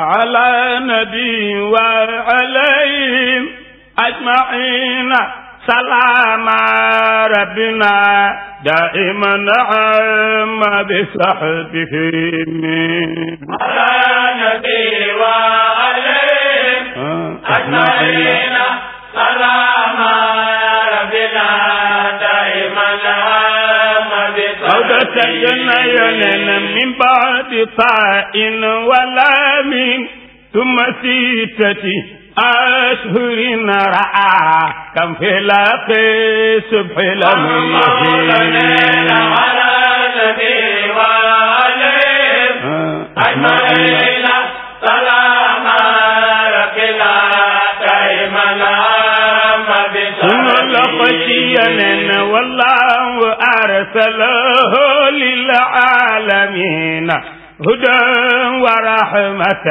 على نبي وعليهم أجمعين سلام ربنا دائما نعم بصحبه على نبي وعليهم آه، أجمعين سلام सजनी बु पाइनवल तुमसी सची असुरी न भेला والله أرسله للعالمين هدى ورحمة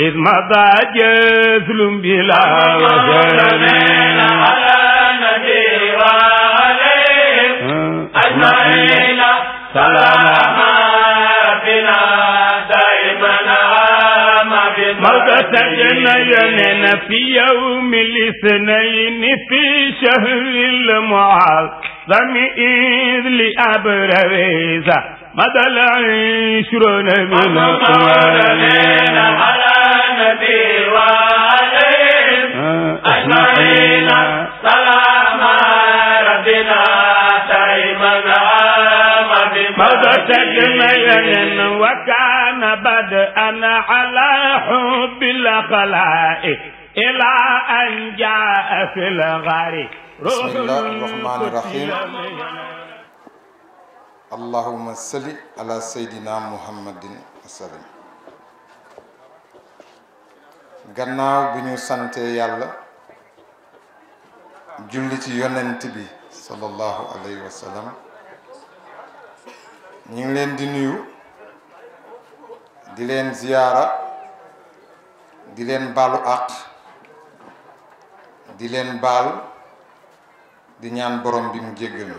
إذ مضى جزل بلا وجل على نبي وعليه أه. أجمعين سلام وسجنين في يوم الاثنين في شهر المعظم إذ لأبرز مدى العشرون من أقوال على نبي وعليم آه، أجمعين سلام ربنا دائما مدى سجنين وكان كان على حب الخلاء إلى أن جاء في الغري بسم الله الرحمن الرحيم اللهم صل على سيدنا محمد السلام غناو بنيو سانتي يالا جولي تي يوننتي صلى الله عليه وسلم نين لين دي نيو di leen ziyaara di leen baalu àq di leen baal di ñaan borom bi mu jéggal ñu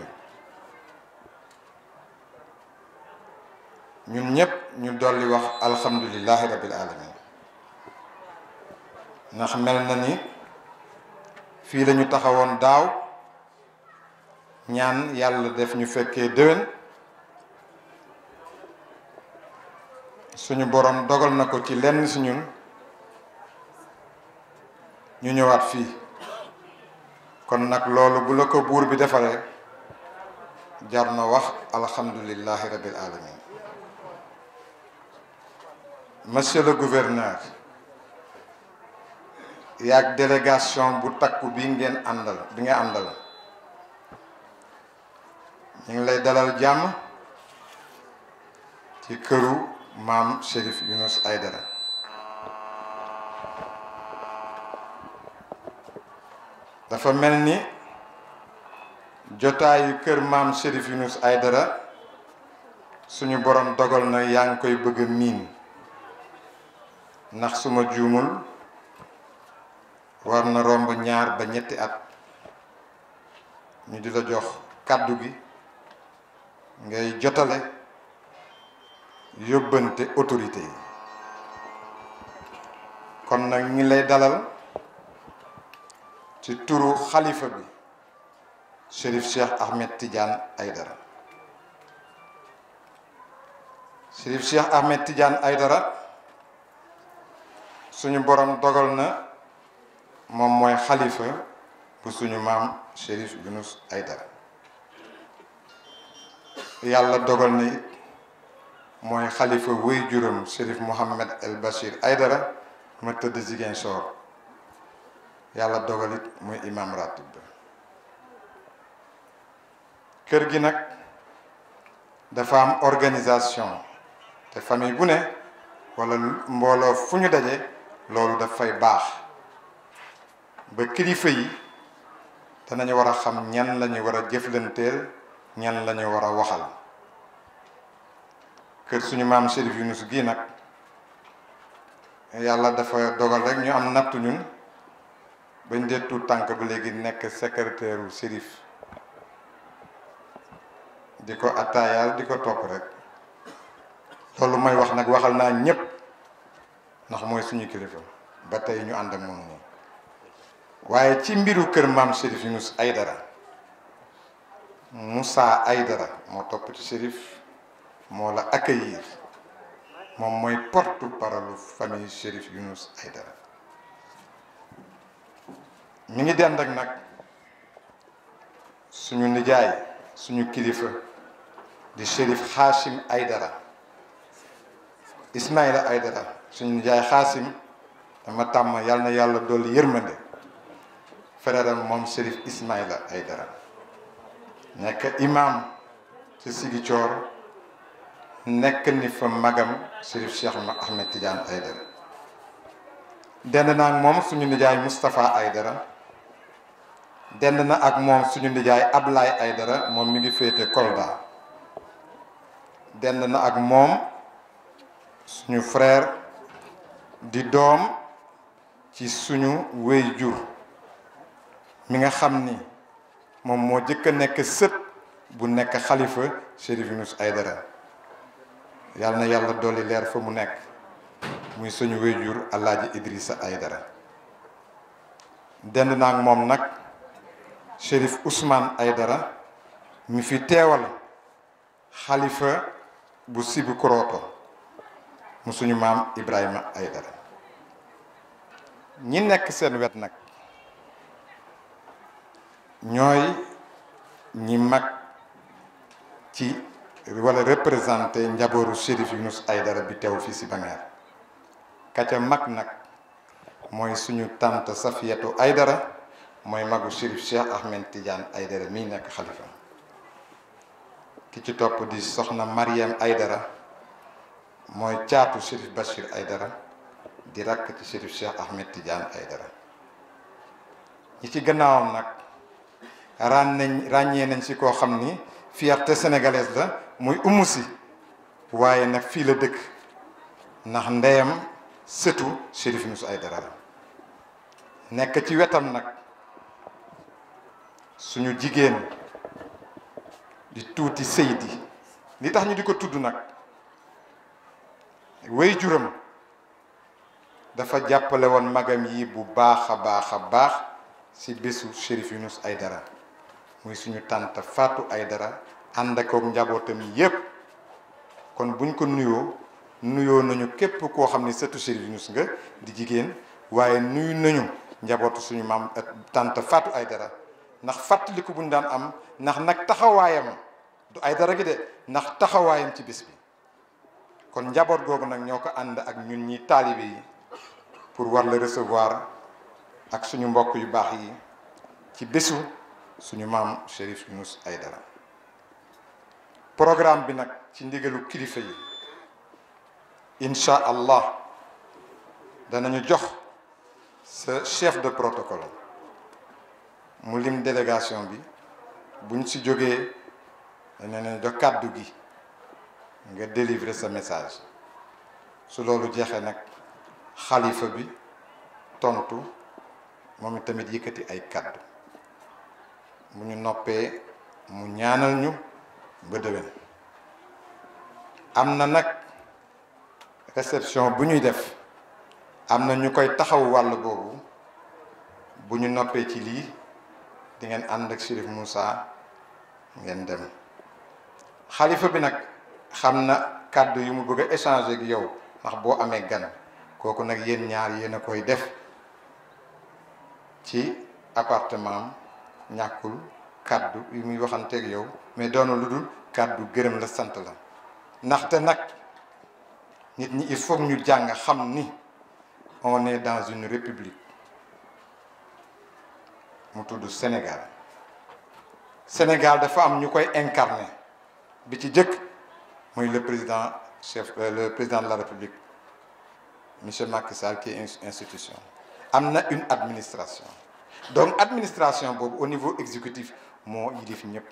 ñun ñépp ñu dolli wax alhamdulillahi rabbil alamin ndax mel na ni fii lañu taxawoon daaw ñaan yàlla def ñu fekkee déwén suñu borom dogal na ko ci lenn si ñun ñu ñëwaat fii kon nak loolu bu la ko buur bi defaree jar na wax alhamdulillahi rabbil alamin monsieur le gouverneur yaag délégation bu takku bi ngeen àndal bi nga àndal ñu ngi lay dalal jàmm ci këru Mam Yunus Yunus Aïdara dafa melni jotay jotaayu mam Mam yunus Yunus Aïdara suñu borom dogal na yang koy bëgg min warna suma jumul war na romb ñaar ba ñetti at ñu di la jox kaddu bi ngay jotale yobante autorité kon nak ñi lay dalal ci turu khalifa bi cheikh Cheikh Ahmed Tidiane Aydara cheikh Cheikh Ahmed Tidiane Aydara suñu borom dogal na mom moy khalifa bu suñu mam cheikh Yunus Aydara yalla dogal na mooy xalifa wéy juróom Chérif Mouhamed El Bachir Aydara ma tëdd Ziguinchor yàlla dogalit muy imam ratib ba kër gi nag dafa am organisation te famille bu ne wala mbooloo fu ñu daje loolu dafay baax ba kilifa yi danañu war a xam ñan la ñu war a jëflanteel ñan la ñu war a waxal kër suñu maam Chérif Yunus gii nag yàlla dafa dogal rek ñu am nattu ñun bañ dee tànk ba léegi nekk secrétaire u Chérif di ko attaayaal di ko topp rek loolu may wax nag waxal naa ñépp ndax mooy suñu kilifa ba tey ñu ànd ak moom moom waaye ci mbiru kër maam ay dara musaa ay Aydara moo topp ci Chérif mola la accueillir moom mooy porte-parole famille Chérif Yunus Aïdara mi ngi dend ak nag suñu nijaay suñu kilifa di Chérif Hashim Aïdara Ismaïla Aïdara suñu nijaay Hachim dama tàmm yàlla na yàlla dolli yërmande frère am Ismaïla Aïdara imam ci nekk ni fa magam Chérif Cheikh Ahmed Tidiane Aidara dend na ak moom suñu nijaay Moustapha Aidara dend na ak moom suñu nijaay Ablaye Aidara moom mi ngi féete Kolda dend na ak moom suñu frère di doom ci suñu wéy jur mi nga xam ni moom moo jëkk a nekk sët bu nekk xalifa Chérif Yunus Aidara yàlla na yàlla dolli leer fa mu nekk muy suñu wéyjur alaaji ay dara dend naa ak moom nag Chérif ay dara mi fi teewal xalifa bu sibi korooto mu suñu maam Ibrahima Aydara ñi nekk seen wet nag ñooy ñi mag ci wala représenté njabooru Chérif ay dara bi teew fii si Bangeer ka mag nag mooy suñu tànt tante ay dara mooy magu Chérif Cheikh Ahmed Tidiane Aïdara mi nekk xalifa ki ci topp di soxna Mariam Aïdara mooy caatu Chérif ay dara di rakk ci Chérif Cheikh Ahmed Tidiane Aïdara ñi ci gannaawam nag ràññee nañ si koo xam ni te sénégalaise la muy umu si waaye nag fii la dëkk ndax ndeyam sëtu Chérif Youssou Aïdara la nekk ci wetam nag suñu jigéen di tuuti Seydi li tax ñu di ko tudd nag waajuram dafa jàppale woon magam yi bu baax a baax a baax ci bésu Chérif ay dara muy suñu fàttu ay dara ànd ak njabootam yépp kon buñ ko nuyoo nuyoo nañu képp koo xam ne sëtu Serigne nga di jigéen waaye nuyu nañu njabootu suñu maam eh, tante ay Aydara ndax fàttaliku buñ daan am ndax nag taxawaayam du ay dara gi de ndax taxawaayam ci bis bi kon njaboot googu nag ñoo ko ànd ak ñun ñi taalibe yi pour war la recevoir ak suñu mbokk yu baax yi ci bésu suñu maam Chérif Yunus Aydara programme bi nak ci ndigalu kilifa yi insha allah danañu jox ce chef de protocole mu lim délégation bi buñ ci joggé dana ne jox kàddu gi nga délivrer sa message su loolu jexé nak khalifa bi tontu momi tamit yëkëti ay cadeau mu ñu noppé mu ñaanal ñu ba déwén am na nag réception bu ñuy def am na ñu koy taxaw wàll boobu bu ñu noppee ci lii dingeen ngeen ànd ak Chérif Moussa ngeen dem xalifa bi nag xam na kàddu yu mu bëgg a échanger ak yow ndax boo amee gan kooku nag yéen ñaar yéen a koy def ci appartement ñàkkul kàddu yu muy ak yow mais doona lu dul gërëm la sant la ndaxte nag nit ñi il faut ñu jàng xam ni on est dans une république mu tudd Sénégal Sénégal dafa am ñu koy incarné bi ci jëkk muy le président chef euh, le président de la République monsieur Macky Sall qui est institution am na une administration donc administration boobu au niveau exécutif mo yilif ñep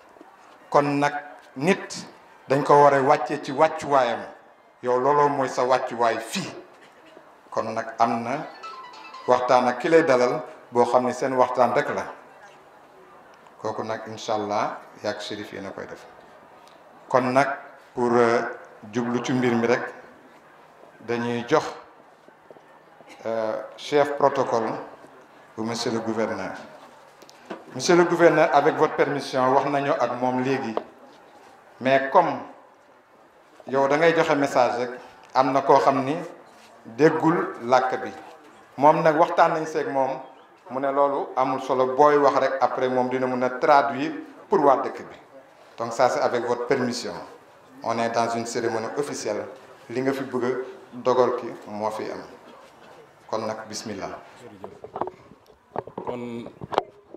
kon nak nit dañ ko war a ci waccu wayam yow lolo moy sa way fi kon nak amna waxtana ki lay dalal bo xamni seen waxtan rek la koku nak inshallah yak sherif yi nakoy def kon nak pour euh, jublu ci mbir mi rek dañuy jox euh, chef protocole bu monsieur le gouverneur monsieur le gouverneur avec votre permission je vous ak mais comme yow da ngay message rek am na Je vous bi nañ sék amul après mom dina traduire pour wa dëkk donc ça c'est avec votre permission on est dans une cérémonie officielle li nga fi bëgg bismillah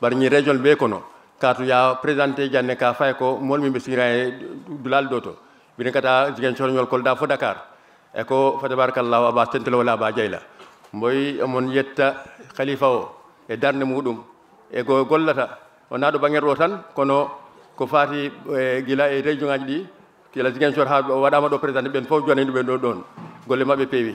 bari ñi région be kono kaatu ya présenté janne ka fay ko mool mi misira e dulal doto ne kata jigen chor kol kolda fo dakar e ko fa tabarakallahu aba tentelo wala aba jayla moy amon yetta khalifa o e darne muɗum e go gollata o do bangen o tan kono ko fati e gila e région ngaji ɗi kila jigen chor ha waɗama ɗo présenté ɓen fof jonani ɗumen ɗo ɗon golle mabɓe peewi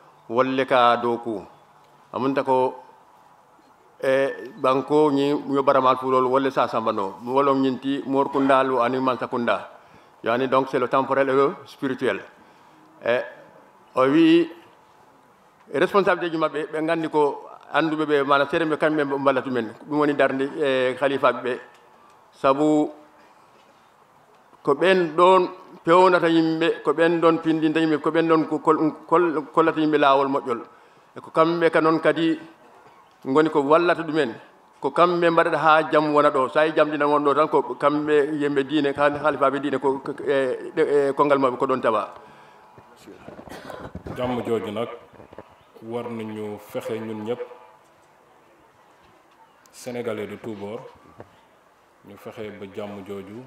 wolle ka dow ku amunta ko e banko ñi yobaramal fulol wolle sa sambano wolom ñinti mor kundalu ani manta kunda yani donc c'est le temporel et le spirituel e o wi responsable ji mabbe be gandi ko andube be mala serembe kambe mballatu men dum woni darnde e khalifa be sabu ko ben don pewnata yimɓe ko ɓen ɗon pindinta yimɓe ko ɓen ɗon kollata yimɓe laawol moƴƴol e ko kamɓe ka noon kadi ngoni ko wallata ɗumen ko kamɓe mbaɗata haa jam wona ɗo so a yi jam ɗina won ɗo tan ko kamɓe yimɓe diine haalifaaɓe diine ko e, e, kongal maɓɓe ko ɗon tawa jàmm jooju nag war nañu fexe ñun ñëpp sénégalais de tout bord ñu fexe ba jàmm jooju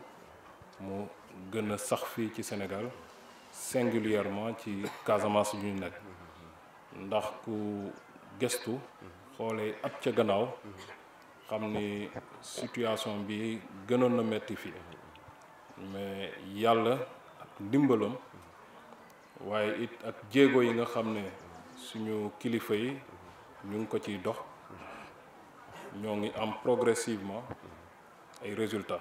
mu gëna sax fi ci Sénégal singulièrement ci Casamance ñu nekk ndax ku gestu xolé ab ca gannaaw xamni situation bi gënon na metti fi mais yalla ak ndimbalam waye it ak djégo yi nga xamné suñu kilifa yi ñu ngi ko ciy dox ñoo ngi am progressivement ay résultats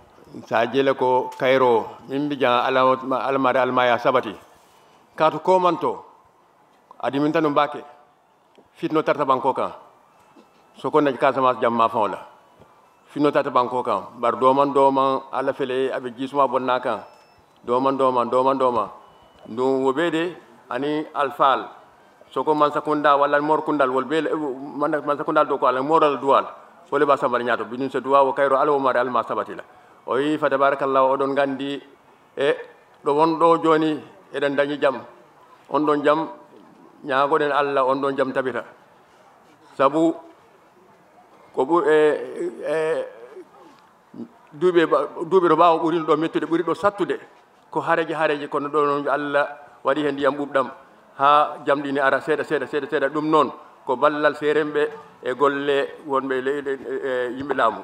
sajele ko kayro min mbijan alamare almaya sabati kaatu komanto adi min tanu mbake fitno tarta banko kan soko naji kasamas jamma faŋo la fitno tarta banko kan bar doman doman ala fele abe jisuma bonna kan doman doman doman doman ndun wo be de ani alfal soko wala walla kundal wol be mansakundal do ko ala moral duwal wole ba sabari bi biñun se duwa wo kayro ala wo alma sabati la o wi fa tabarakallahu oɗon gandi e ɗo wonɗo joni eɗen dañi jaam on ɗon jaam ñagoɗen allah on ɗon jaam tabita saabu ko ɓue e, duuɓe duuɓe to ɓawa ɓurino ɗo mettude ɓuri ɗo sattude ko hareje hareje kono ɗo noon allah waɗi hen ndiyam ɓuɓɗam ha jamɗi ni ara seeɗa seeɗa seeɗa seeɗa ɗum noon ko ballal seeren ɓe e golle wonɓe leyɗe e, yimɓe laamu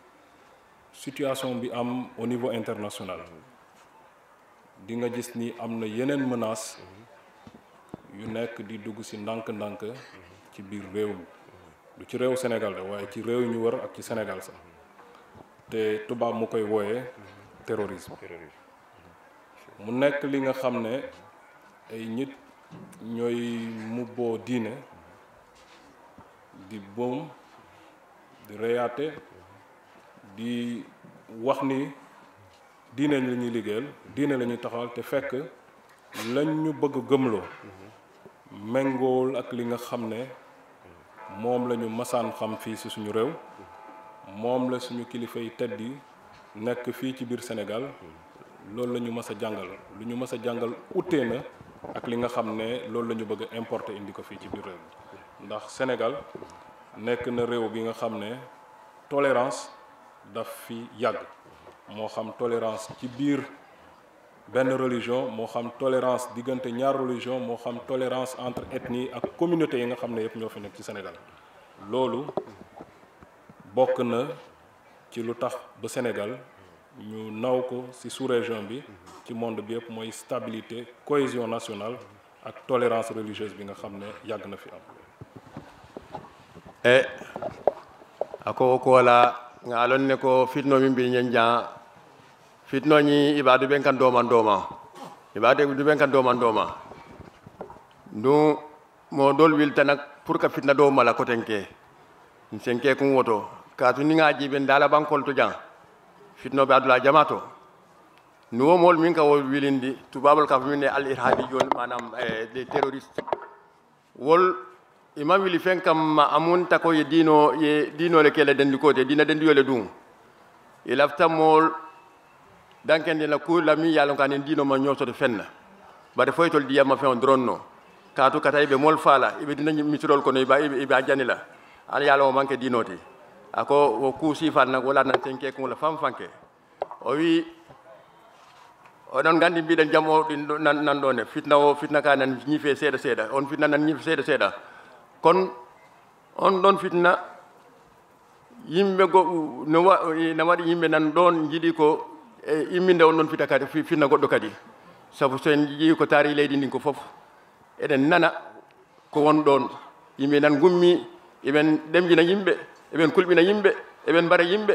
situation bi am au niveau international di nga gis ni am na yeneen menace yu nekk di dugg ci ndànk-ndànk ci biir réew mi du ci réew Sénégal de waaye ci réew ñu war ak ci Sénégal sax te tubaab mu koy wooyee terrorisme mu nekk li nga xam ne ay nit ñooy mubboo diine di boom di reyaate di wax ni diine lañuy ñuy liggéeyal diine lañuy ñuy taxawal te fekk lañ ñu bëgg gëmloo méngoowul ak li nga xam ne moom lañu ñu masaan xam fii si suñu réew moom la suñu kilifa yi tedd yi nekk fii ci biir Sénégal loolu lañu ñu mës a jàngal lu ñu mës a jàngal utee na ak li nga xam ne loolu lañu bëgg importe indi ko fii ci biir réew ndax Sénégal nekk na réew bi nga xam ne tolérance dafi fi yàgg xam tolérance ci bir ben religion mo xam tolérance diggante ñaar religion mo xam tolérance entre ethnie ak communauté yi nga xam ne yëpp ñoo fi nekk ci Sénégal loolu bokk na ci lu tax ba Sénégal ñu naw ko ci sous-région bi ci monde bi yëpp mooy stabilité cohésion nationale ak tolérance religieuse bi nga xam ne yàgg na fi am e ako ko wala nga ne ko fitno min bi nyen ja fitno ni ibadu ben kan doman doma ibadu du ben kan doman doma du mo dol wil tanak pour ka fitna do mala ko tenke senke kun woto ka tu ni ji ben dala bankol to jang fitno be adula jamato nuwo mol min ka wol wilindi tubabal ka fumine al irhadi joni manam eh, les terroristes wol ima wili fen kamma amunta tako ye diino ye diinole kele dendi kote diina dendiyole ɗum e laftanmol dankende la kuurla mi yaalon ka nin diino ma ñoototo fenna bade foytol diyama fen o no kaatu kata iɓe mol faala iɓe dina mitirol kono iɓe ajani la ala yaala o manque diinote ako wo kuu sifan nan wala nan senke kon wala fam fanke o wi oɗon gandi mbiɗen jam o ɗin nan ɗone fitna o fitna ka nan ñife seeɗa seeɗa on fitna nan ñife seeɗa seeɗa kon on ɗon fitna yimɓe go no waɗi yimɓe nan ɗon jiɗi ko e imminde on ɗon fita kadi fitna goɗɗo kadi sabu so en jii ko taari leydi ndin ko fof eɗen nana ko won ɗon yimɓe nan gummi eɓen ɗemjina yimɓe eɓen kulɓina yimɓe eɓen mbara yimɓe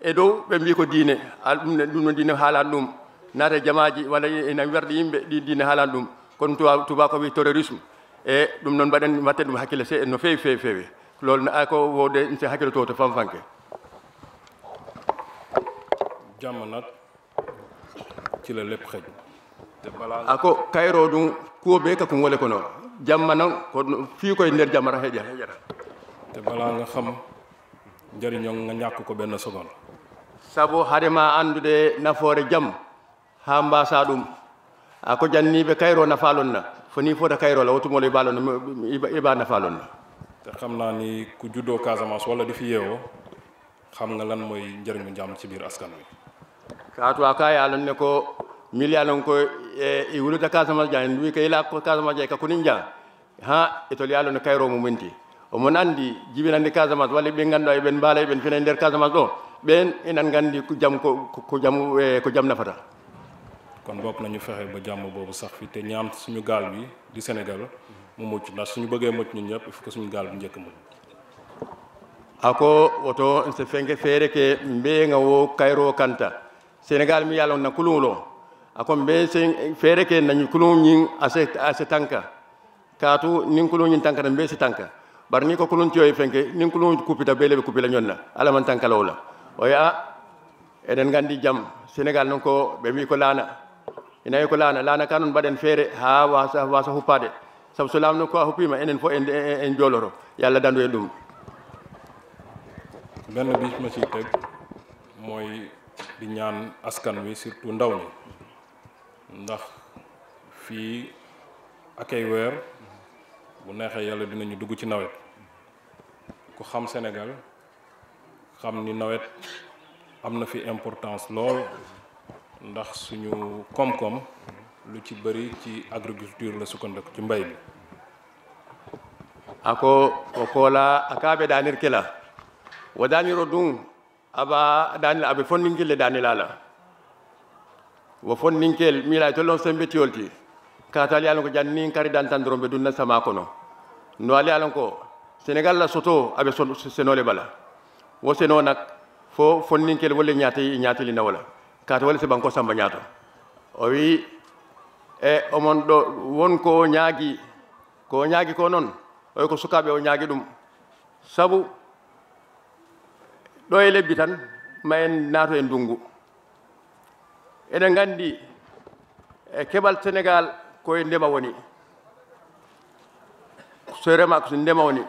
e dow ɓe mbi ko diine ɗum ɗumno diine haalani ɗum naata jamaji walla ena werde yimɓe ɗi diine haalani ɗum kono tuba tubako wi terrorisme e ɗum noon mbaɗen watten ɗum hakkille se no feewi feewi feewi loolu no ako wowde se hakkille to to fanfanke jamma nag ci la lépp xëj ako kayro ɗum kuo ɓe kakum wole kono jamma nan ko fii koye nder jamara heƴa te bala nga xam njariñon nga ñàkk ko benn sogon sabu harema andude nafoore jam haa mbaasa ɗum ako janniɓe kayro nafaalon na foni fota kayrola wotugol e lon iba nafa lon te xam naa ni ku juddoo Casamance wala di fi yeewoo xam nga lan moy njëriñu jam ci biir askan wi kaatuwa ka yaalon ne ko miliyalon ko e wuluta Casamance jan wi ke ko Casamance jay ka ha itol yaalon kayro mo menti omon anndi jibinande casamance walla ɓe ngannduɗa eɓen mbaala eɓen fina e nder casamance ɗo ɓen enen gandi ko jam ko jam e, ko jam nafata kon bopp nañu fexe ba jàmm boobu sax fi te ñaan suñu gaal bi di Sénégal mu mucc ndax suñu bëggee mucc ñun ñëpp il faut que suñu gaal bi njëkk mucc ako woto so fenke fere ke nga wo kayro kanta sénégal mi yalla na kulun lo ako mbe sen ke nañu kulun ñin ase ase tanka kaatu nin kulun ñi tanka mbe se tanka bar ni ko kulun tiyoy e fenke nin kulun kupita bele la ñon la ala man tanka lawla o ya eden gandi jam sénégal non ko be mi ko lana ina yi ko laana laana ka noon mbaɗen feere ha wasa wasa huppade saabu so laamno ko a huppima enen fof en jooloro yo allah dandu en benn bis ma ci teg mooy di ñaan askan wi surtout ndaw ñi ndax fii ak ay weer bu neexee yàlla dinañu dugg ci nawet ku xam Sénégal xam ni nawet am na fi importance lool ndax suñu koom-koom lu ci bëri ci agriculture la sukkandiku ci mbay bi ako o koola a kaaɓe ɗanir kela wo daniro ɗum aɓa ɗanila aɓe fonninkille danilala wo fonninkel miila tollon sembetiyolti kata ali alan ko jannin kari dantandoron ɓe dunna sama kono no ali alan ko sénégal la soto aɓe senole bala wo seno nak fo fon kel wolle ñaati ñaatili nawola kaate wali sibanko samba ñaato o wi e omon ɗo won ko ñaagi ko ñaagi ko noon oyi ko sukaaɓe o ñaagi ɗum sabu ɗo e lebbi tan ma en naato e ndunngu eɗen nganndi e keɓal sénégal koye ndema woni so rema so ndema woni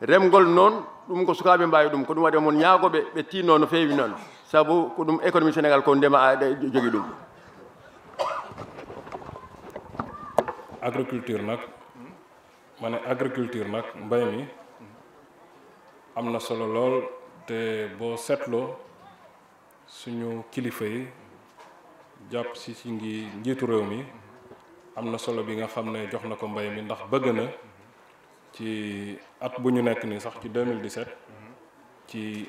remgol noon ɗum ko sukaaɓe mbaawi ɗum ko ɗum waɗi omon ñaagoɓe ɓe tiinno no feewi noon sabu ko ekonomi eh, senegal sénégal ko ndema jogi dum agriculture nak mané agriculture nak mbay mi amna solo lol te bo setlo suñu kilifa yi japp si ci ngi njitu rew mi amna na solo bi nga xamné ne jox nako mbay mi ndax bëgg na ci at bu ñu nekk ni sax ci 2017 ci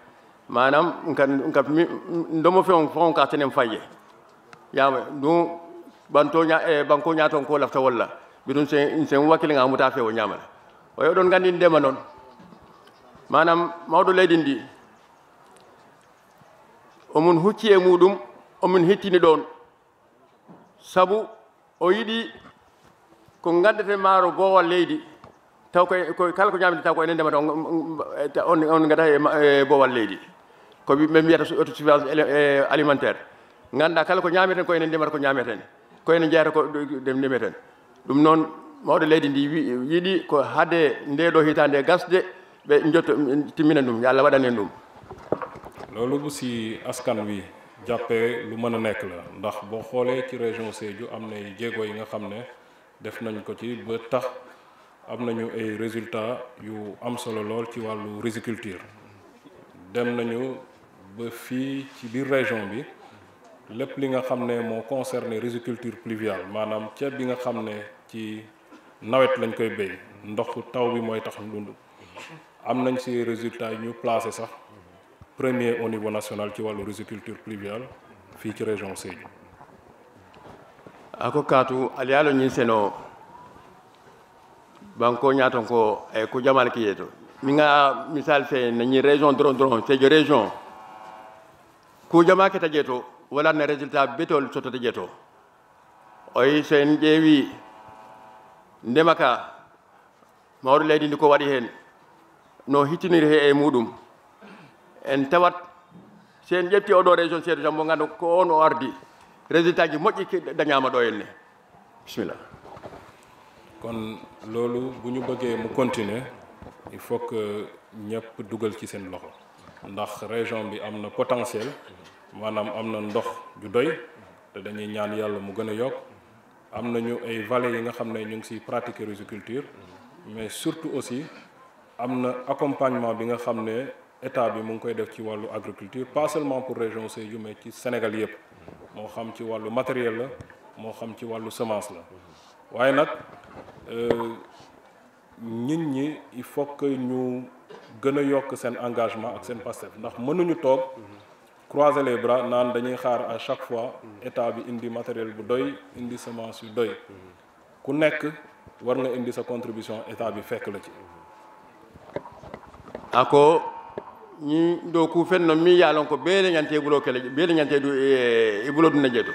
manam nka ndomo feŋo faŋo ka tenen faŋ ye yaama du banto ña e eh, banko ton ko lafta walla bidun sen sen wakil nga muta fewo ñama o yo don gandin dema non manam mawdo leydin o mun hucci e muɗum mun hettini ɗon sabu o yidi ko gaddete maaro gowal leydi taw ko kala ko nyaami taw ko enen ndemata on on gata e bowal e leydi ko min mbiyata autosuffisance eh, alimentaire ganda kala ko ñameten koyene ndemata ko ñameten koyene jeyata ko dem ndemeten ɗum noon mawɗo leydi ndi yiɗi ko hade nde ɗo hitande gasde ɓe jotto timmina ɗum yo ya allah waɗan en ɗum loolu bu si askan wi jàppee lu mën a nekk la ndax boo xoolee ci région Sédhiou am na jéego yi nga xam ne def nañ ko ci ba tax am nañu ay résultats yu am solo lool ci wàllu riziculture dem nañu ba fii ci biir région bi lépp li nga xam ne pluviale Madame, ceeb bi nga xam ci nawet lañ koy béy ndox taw bi moy tax ñu dund am nañ ci résultat ñu placer sax premier au niveau national ci walu résiculture pluviale fi ci région Sédhiou ako kaatu aliyaalo ñiŋ senoo banko ñaaton ko ay ku jamal ki yeto mi nga misal fe nañi région doron doron région kujama keta jeto wala na résultat betol sotota jeto oyi so en ƴeewi ndema ka mawɗo leydi ndi ko waɗi no hitinir he e muɗum en tawat so en ƴefti oɗo région seedo tan mo ko on o ardi résultat ji moƴƴi dañama ɗo henne bisimilla kon loolu buñu ñu mu continuer il faut que ñepp dugal ci sen loxo ndax région bi am na potentiel maanaam am na ndox ju doy te dañuy ñaan yàlla mu gën a yokk am nañu ay vallées yi nga xam ne ñu ngi siy pratiquer riziculture mais surtout aussi am na accompagnement bi nga xam ne état bi mu ngi koy def ci wàllu agriculture pas seulement pour région Sédhiou mais ci Sénégal yëpp moo xam ci wàllu matériel la moo xam ci wàllu semence la waaye nag euh, nit ñi il faut que ñu gëna yok sen engagement ak sen Pastef ndax mënuñu tok croiser les bras nan dañuy xaar à chaque fois état bi indi matériel bu doy indi semence yu doy ku nekk war nga indi sa contribution état bi fekk la ci ako ñi do ku fenno mi yaalon ko beele ñante gulo kele beele ñante du e eh, bulo du najeto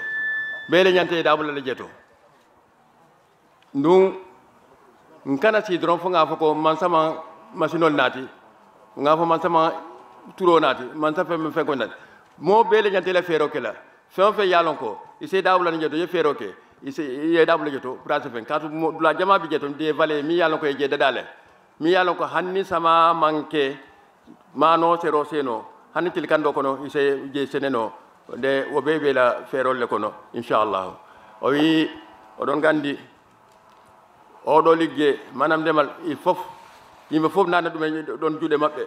beele ñante da la najeto ndum nkana ci drone fo nga fo ko man sama masinol nati nga fo man sama turo naati man sa fɛn fe ko naati mo bee le ñante la feeroo ke la fe fɛn yaa lɔn ko ise se daabula ni jeto ye feeroo ke ise ye i ye daabula pra pour a ka tu mo dula jama bi jeto de vale mi yalon ko ye je dadaa mi yalon ko hanni sama manke mano se ro seno hanni til kando kono i se je seneno de wo bee la feerol le kono inchallahu o wi oɗon gandi oɗo ligge manam demal il faut yimɓe fof nanna ɗumen ɗon juuɗe maɓɓe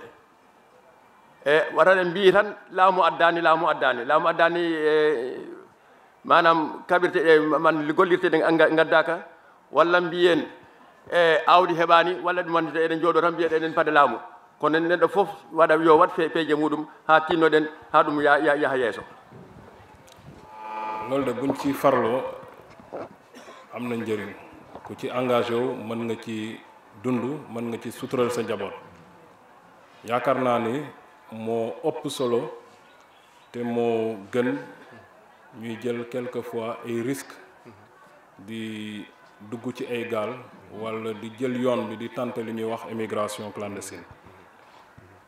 e tan laamu addani laamu addani laamu addani e, manam kaɓirte ɗe man gaddaka walla mbiyen e awdi heɓani walla ɗum wandita eɗen jooɗo tan eɗen paade laamu kono fof waɗa yo peeje muɗum ha tinnoɗen ha ɗum yaha yeeso buñ dundu man nga ci sutural sa njaboot yaakaar naa ni moo ëpp solo te moo gën ñuy jël fois ay risque di dugg ci ay gaal wala di jël yoon bi di tante li ñuy wax émigration clandestine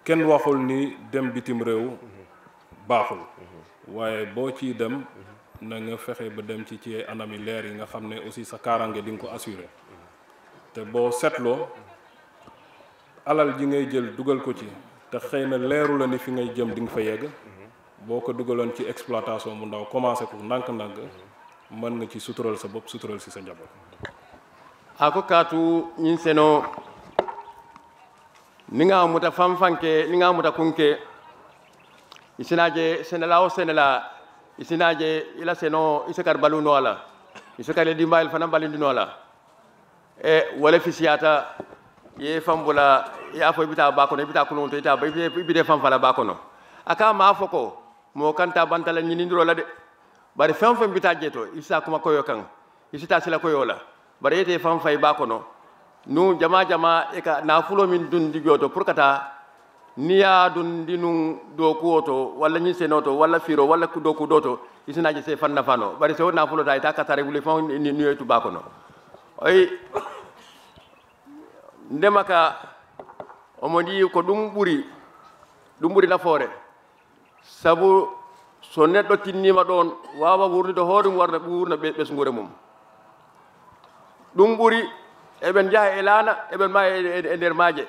kenn waxul ni dem bitim réew baaxul waaye boo ci dem na nga fexe ba dem ci ci anami yi leer yi nga xam ne aussi sa kaaraange di ko assurer te boo seetloo alal ji ngay jël dugal ko ci te xëy na leeru la ni fi ngay jëm di nga fa yegg boo ko dugaloon ci exploitation bu ndaw commencé ko ndànk-ndànk mën nga ci sutural sa bopp sutural si sa njaboot. ako kaatu ñin seno ni nga muta fanfanke ni nga muta kunke isinaje senela o senela isinaje ila seno isakar balu no ala isakar le dimbayel fana balindi no ala e wala fi siyata ye fambula ya fo ibita ba kono ibita kulon to ita ba ibide fam fala ba kono aka ma fo ko mo kanta bantala nyini ndiro la de bari fam fam bita jeto isa kuma koyo kan isita sila koyo la bari yete fam fay ba kono nu jama jama e ka nafulo min dun digoto pour kata niya dun dinun doku oto walla nyin senoto walla firo do doku doto isinaji se fanna fano bari so nafulo ta ita katare wuli fam ni nuyetu ba kono ay Ndemaka, ka omo buri, ko ɗum ɓuri sabu so neɗɗo tinnima ɗon wawa wurnude hoore mum warna ɓurna ɓesgure mum Dung buri, eben jaha elana eben eɓen e ma e, e, e nder maaje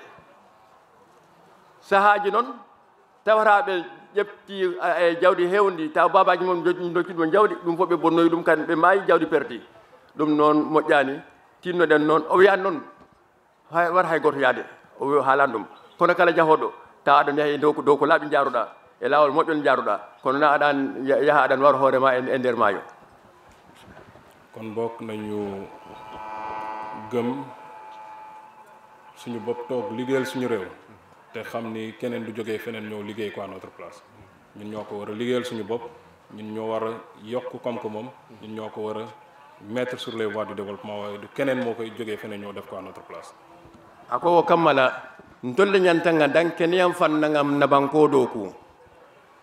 sahaji noon tawataɓe ƴefti e jawdi hewndi taw babaji mum dokki ɗum jawdi di fof ɓe bonnoyi kan ɓe maayi jawdi perdi ɗum noon moƴƴani tinnoɗen non o wiyan noon hay war hay goto yaade o wi haalani kono kala jahoɗo ta adon yahi e dow dow ko laaɓi jaaruɗa e lawol moƴƴol jaruda kono na adan ya, yaha aɗan wara hoorema e, e nder maayo kon bokk nañu gëm suñu bopp toog liggéeyal suñu réew te xam ni keneen du jógee feneen ñëw liggéey ko à notre place ñun ñoo ko war a liggéeyal suñu bopp ñun ñoo war a yokk koom-koomam ñun ñoo ko war a mettre sur les voies du développement du keneen moo koy jógee feneen ñëw def ko à notre place a ko wo kamma la ntolu le ñanta ŋa daŋ keneyaŋ faŋ na ŋam nabanko doo ku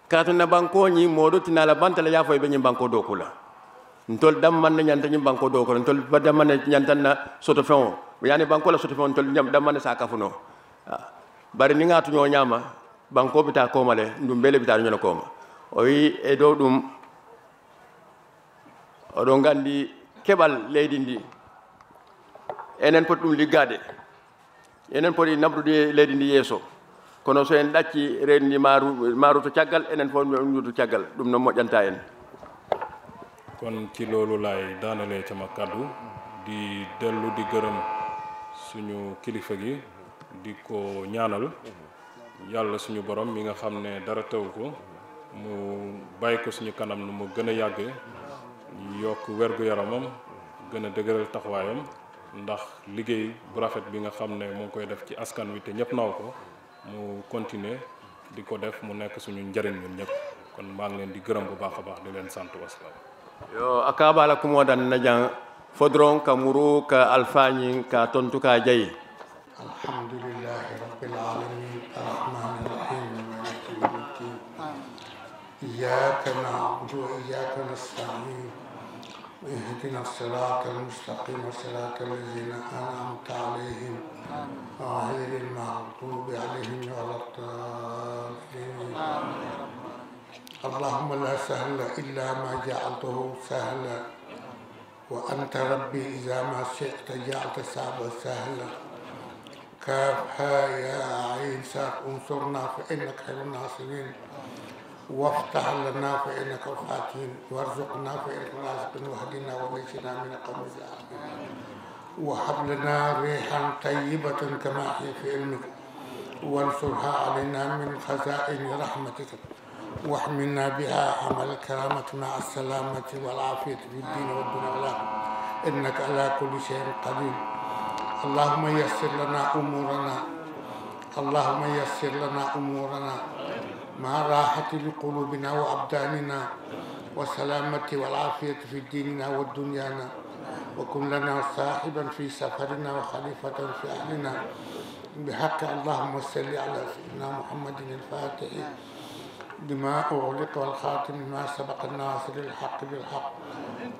karatu nabankoo ñiŋ moo do tina la banta la ye a fo i be ñiŋ banko doo ku la ntolu daŋ maŋ ne ñanta ñiŋ banko doo ku la ntolu daŋ maŋ ne ñantaŋ na sotofeŋo wo ye a ni banko la sotofeŋo ntolu daŋ maŋ ne sa a kafu no ah, bari niŋ a tuñoo ñaama banko bi taa kooma le ndumbe le bi taa ñono kooma o yi e doo ɗum o ɗo ngandi keɓal leydi ndi enen poti ɗum liggaade enen poti nabrude leydi ndi yeeso kono so en ɗacci reydi ndi maaru maaru to caggal enen fof ñu to caggal ɗum noon moƴƴanta en kon ci loolu laay daanalee sama kàddu di dellu di gërëm suñu kilifa gi di ko ñaanal yàlla suñu borom mi nga xam ne dara taw ko mu bàyyi ko suñu kanam nu mu gën a yàgg yokk wergu yaramam gën a dëgëral taxawaayam ndax liggéey bu rafet bi nga xam ne mu ngi koy def ci askan wi te ñëpp naw ko mu continuer di ko def mu nekk suñu njariñ ñun ñëpp kon maa ngi leen di gërëm bu baax a baax di leen sant wasalaam yo akabala kumo dan na jang fodron ka muru ka alfani ka tontu ka jayi alhamdulillah rabbil alamin arrahmanir rahim maliki yawmiddin iyyaka na'budu wa iyyaka nasta'in اهدنا الصراط المستقيم صراط الذين أنعمت عليهم غير المغضوب عليهم ولا الضالين اللهم لا سهل إلا ما جعلته سهلا وأنت ربي إذا ما شئت جعلت صعبا سهلا كافها يا عين ساق انصرنا فإنك خير الناصرين وافتح لنا فإنك الخاتم وارزقنا فإنك الرازقين واهدنا وليسنا من قوم الآخرين وهب لنا ريحا طيبة كما هي في علمك وانصرها علينا من خزائن رحمتك واحملنا بها حمل الكرامة مع السلامة والعافية في الدين والدنيا إنك على كل شيء قدير اللهم يسر لنا أمورنا اللهم يسر لنا أمورنا مع الراحة لقلوبنا وأبداننا والسلامة والعافية في ديننا ودنيانا وكن لنا صاحبا في سفرنا وخليفة في أهلنا بحق اللهم صل على سيدنا محمد الفاتح لما أغلق والخاتم ما سبق الناصر الحق بالحق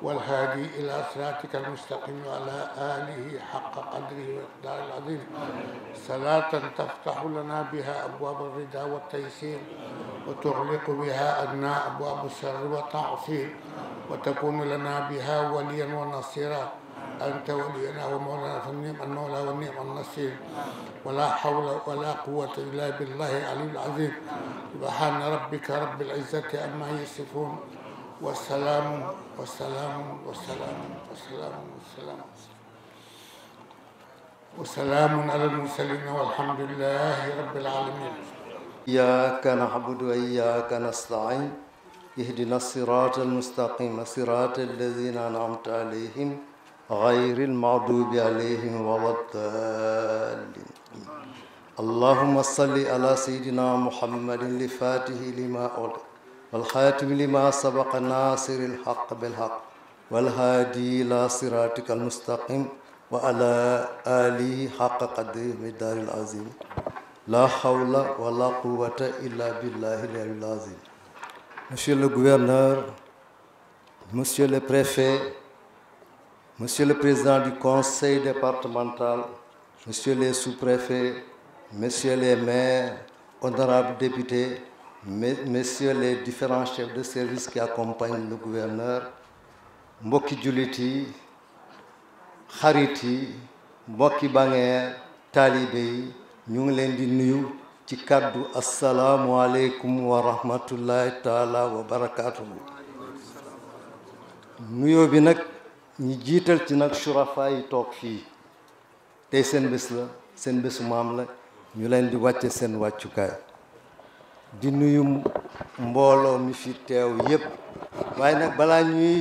والهادي إلى صراطك المستقيم وعلى آله حق قدره وإقدار العظيم صلاة تفتح لنا بها أبواب الرضا والتيسير وتغلق بها أدنى أبواب الشر والتعصير وتكون لنا بها وليا ونصيرا أنت ولينا ومولانا فالنعم المولى والنعم النصير ولا حول ولا قوة إلا بالله العلي العظيم سبحان ربك رب العزة عما يصفون والسلام والسلام والسلام والسلام والسلام وسلام على المرسلين والحمد لله رب العالمين إياك نعبد وإياك نستعين اهدنا الصراط المستقيم صراط الذين أنعمت عليهم غير المغضوب عليهم ولا الضالين اللهم صل على سيدنا محمد لفاته لما أغلق والخاتم لما سبق ناصر الحق بالحق والهادي إلى صراطك المستقيم وعلى آله حق قدره مدار العظيم لا حول ولا قوة إلا بالله العلي العظيم Monsieur le gouverneur, Monsieur le préfet, Monsieur le Président du Conseil départemental, Monsieur les sous-préfets, Messieurs les maires, honorables députés, Messieurs les différents chefs de service qui accompagnent le gouverneur, Mboki Khariti, Mboki Mboki yi mbokki nous taalibe yi ñu ngi wa rahmatullahi taala wa bi ñi jiital ci nag surafa yi toog fii tey seen bés la seen bésu maam la ñu leen di wàcce seen wàccukaay di nuyu mbooloo mi fi teew yépp waaye nag balaa ñuy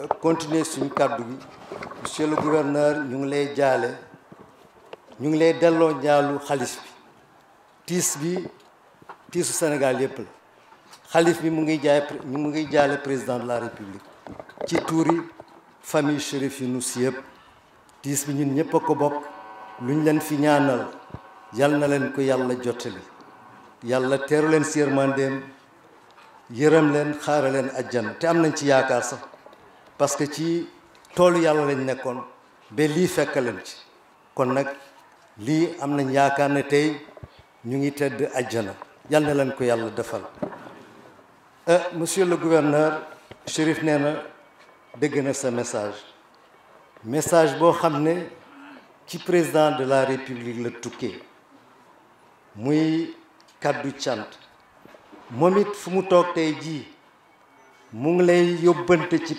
euh, continuer suñu kàddu gi monsieur le gouverneur ñu ngi lay jaale ñu ngi lay delloo njaalu xalif bi tiis bi tiisu Sénégal yépp la xalif bi mu ngi jaay mu ngi jaale président de la république ci tuuri famille chérif yi nu si yëpp tiis bi ñun ñëpp a ko bokk lu ñu leen fi ñaanal yal na leen ko yàlla jottali yàlla teeru leen si yërmandeem yërëm leen xaare leen ajjana te am nañ ci yaakaar sax parce que ci toolu yàlla lañ nekkoon ba lii fekk leen ci kon nag lii am nañ yaakaar ne tey ñu ngi tedd ajjana yal leen ko yàlla defal eh, monsieur le gouverneur chérif nee na dégg ce message message bon, xam qui président de la république le tukkee Mui kàddu cant Momit it fu mu toog tey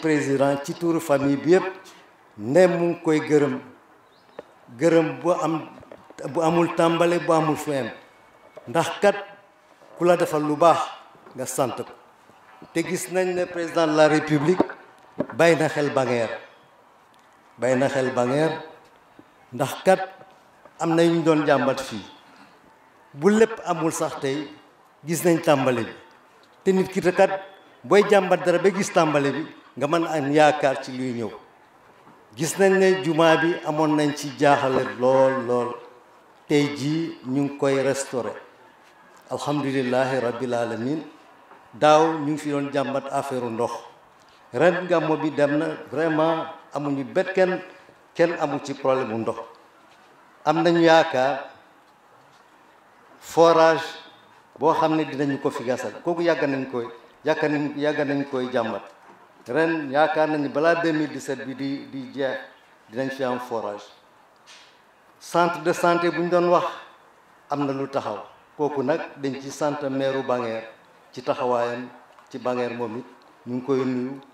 président ci tour famille bi yëpp ne mu koy gërëm gërëm bo am bo amul tàmbale bo amul fin ndax kat ku la defal lu baax ne président de la république bay na xel bangeer bay na xel bangeer ndax kat am na yu ñu doon jàmbat fii bu lépp amul sax tey gis nañ tàmbali bi te nit ki kat booy jàmbat dara ba gis tàmbali bi nga mën am yaakaar ci luy ñëw gis nañ ne jumaa bi amoon nañ ci jaaxale lool lool tey jii ñu ngi koy restauré alhamdulillahi rabbil alamin daaw ñu ngi fi doon jàmbat affaire ndox ren ga bi dem na vraiment amuñu bet ken amu ci problème ndox am nañ yaaka forage bo xamne dinañ ko fi gassal koku yag nañ koy yàgg nañ yag nañ koy jàmbat ren yaaka nañ bala 2017 bi di di jeex dinañ ci am forage centre de santé buñ doon wax am lu taxaw koku nak dañ ci centre maireu Bangeer ci taxawayam ci momit ñu koy nuyu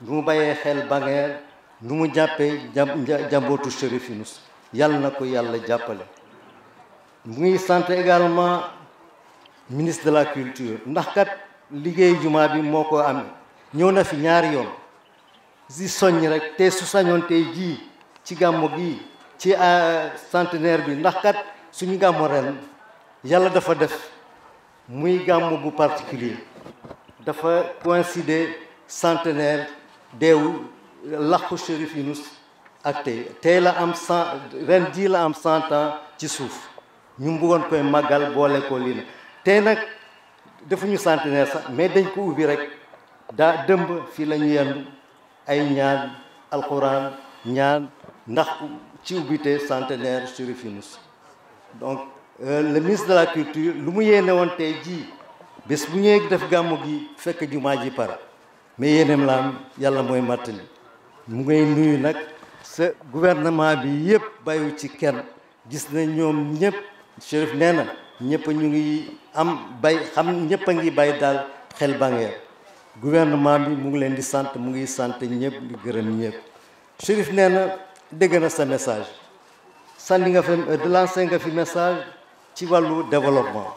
nu mu bàyyee xel bangeer nu mu jàppee jàmbootu Chérif Yunus yàlla na ko yàlla jàppale mu ngi sant également ministre de la culture ndax kat liggéey jumaa bi moo ko amee ñëw na fi ñaari yoon si soññ rek te su sañoon tey jii ci gàmmu gi ci a euh, centenaire bi ndax kat suñu gàmmu ren yàlla dafa def muy gàmmu bu particulier dafa coïncider centenaire deewu laqu Chérif Yunus ak tey tey la am cent ren jii la am cent ans ci suuf ñu bëggoon koy màggal boole ko lii na tey nag defuñu centenaire sax mais dañ ko ubbi rek daa dëmb fii la ñu yendu ay ñaan alxuraan ñaan ndax ci ubbite centenaire Chérif Yunus donc euh, le ministre de la culture lu mu yéene woon tey jii bés bu ñëwee def gàmmu gi fekk jumaa ji para mais yéenem la am yàlla mooy màttali mu ngay nuyu nag sa gouvernement bi yëpp bàyyu ci kenn gis na ñoom ñëpp Chérif nee na ñëpp ñu ngi am bay xam ñëpp a ngi bay daal xel bangeer gouvernement bi mu ngi leen di sant mu ngi sant ñëpp di gërëm ñëpp Chérif nee na na sa message sànni nga fi lancé nga fi message ci wàllu développement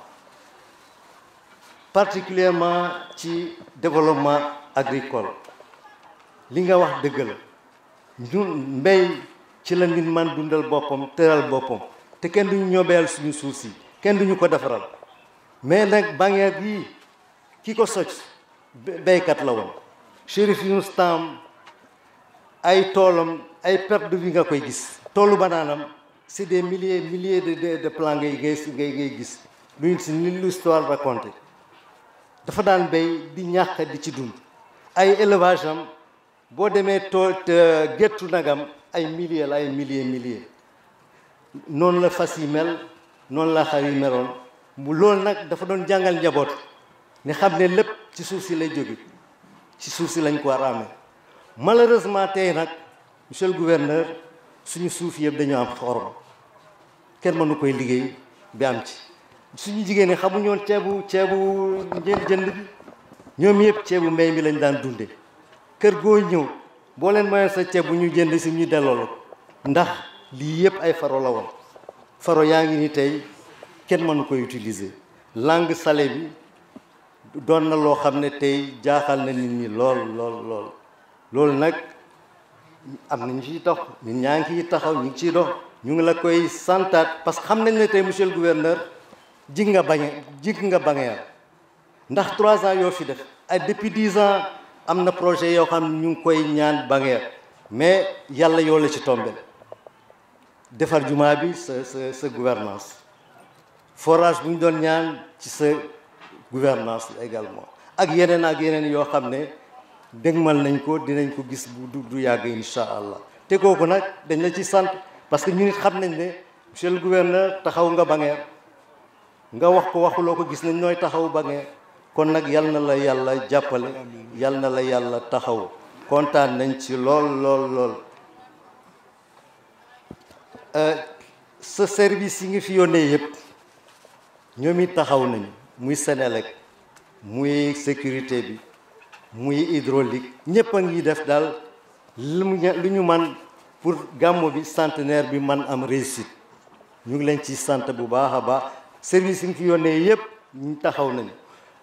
particulièrement ci développement agricole li nga wax dëgg la ñun mbéy ci la nit man dundal boppam tëral boppam te kenn duñu ñobeel suñu suuf si kenn duñu ko defaral mais nag bangeer yii ki ko socc béykat la woon shérif Yunus ay toolam ay perte bi nga koy gis toolu banaanam c'est des milliers milliers de de plans ngay ngay ngay ngay gis luñ si ni l'histoire raconté dafa daan béy di ñàkk di ci dund ay élevage am boo demee to géttu nagam ay milliers la ay milliers milliers noonu la fas yi mel noonu la xar yi mu loolu nag dafa doon ne lépp ci suuf si lay ci suuf si lañ malheureusement monsieur le gouverneur suñu suuf yëpp dañu am xorom kenn mënu koy liggéey bi am ci suñu jigéen ñi des ñoom yëpp ceebu mbay mi lañ daan dunde kër goo ñëw boo leen mayoon sa ceeb bu ñu jënd si ñu delloo la ndax lii yëpp ay faro la woon faro yaa ngi ni tey kenn mënu koy utiliser langue sale bi doon na loo xam ne tey jaaxal na nit ñi lool lool loolu nag am na ñu ciy dox ñun ñaa ngi taxaw ñu ngi ciy dox ñu ngi la koy santaat parce que xam nañ ne tey monsieur le gouverneur jig nga bañ jig nga bañeel ndax trois ans yoo fi def ay depuis dix ans am na projet yoo xam ñu ngi koy ñaan bangeer mais yàlla yoo la ci tombé defar jumaa bi sa sa sa gouvernance forage bu ñu doon ñaan ci sa gouvernance également ak yeneen ak yeneen yoo xam ne dégmal nañ ko dinañ ko gis bu du yàgg insha allah tegoo ko nag dañ la ci sant parce que ñu nit xam nañ ne monsieur le gouverneur taxaw nga bangeer nga wax ko waxuloo ko gis nañ ñooy taxawu bangeer kon nag yal na la yàlla jàppale yal na la yàlla taxaw kontaan nañ ci lool lool lool euh, sa service yi nga fi yónnee yëpp ñoom it taxaw nañu muy Senelec muy sécurité bi muy hydraulique ñëpp a ngi def daal lu ñu man pour gàmmoo bi santenaire bi man am réussite ñu ngi leen ci sant bu baax a baax service yi nga fi yónnee yëpp ñu taxaw nañu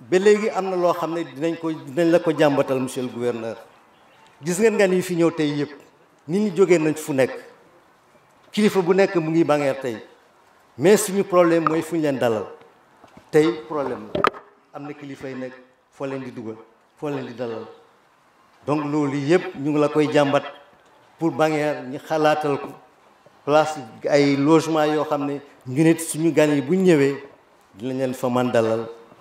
ba léegi am na loo xam ne dinañ ko dinañ la ko jàmbatal monsieur le gouverneur gis ngeen gan yi fi ñëw tey yëpp nit ñu jógee nañ fu nekk kilifa bu nekk mu ngi bangeer tey mais suñu problème mooy fu ñu leen dalal tey problème la am na kilifa yi nekk foo leen di dugal foo leen di dalal donc loolu yëpp ñu ngi la koy jàmbat pour bangeer ñu xalaatal ko place ay logement yoo xam ne ñu nit suñu gan yi bu ñëwee dinañ leen fa man dalal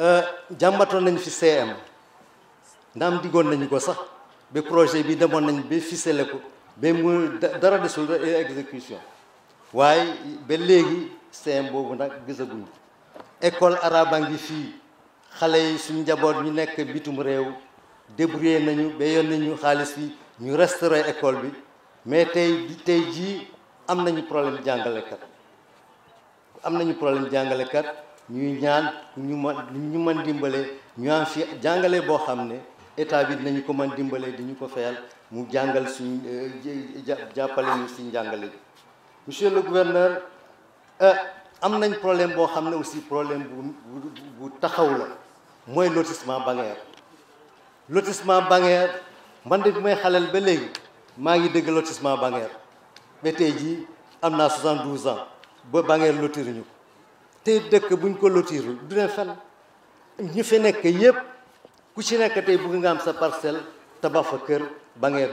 Euh, jàmbatoon nañ fi CM ndaam diggoon nañu ko sax ba projet bii demoon nañ ba ficelé ko ba mu dara desul exécution waaye ba léegi CM boobu nag gisaguñu école arabe a ngi fii xale yi suñu njaboot ñu nekk bitum réew débrouillé nañu ba yoon nañu xaalis bi ñu restaurer école bi mais tey tey jii am nañu problème jàngalekat am nañu problème jàngalekat ñuy ñaan ñu ma ñu mën dimbale ñu am fi jàngale boo xam ne état bi nañu ko mën dimbale diñu ko fayal mu jàngal suñ euh, jàppale ñu si njàngale monsieur le gouverneur euh, am nañ problème boo xam ne aussi problème bu bu taxaw la mooy lotissement Banguère lotissement Banguère man de bi may xaleel ba léegi maa ngi dégg lotissement Banguère ba tey jii am naa 72 ans ba Banguère lotiruñu te dëkk buñ ko lotirul du ne fenn ñu fi nekk yépp ku ci nekk tey bëgg nga am sa parcelle tabax fa kër ba ngeen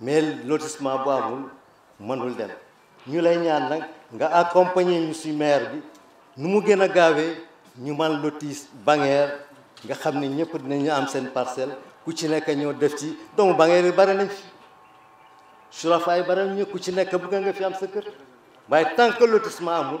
mais lotissement bu amul mënul dem ñu lay ñaan nag nga accompagner ñu si maire bi nu mu gën a gaawee ñu man lotis Bangeer nga xam ne ñëpp dinañu am seen parcelle ku ci nekk ñoo def ci donc Bangeer yi bare nañ fi surafaay bare nañ ku ci nekk bëgg nga fi am sa kër waaye tant que lotissement amul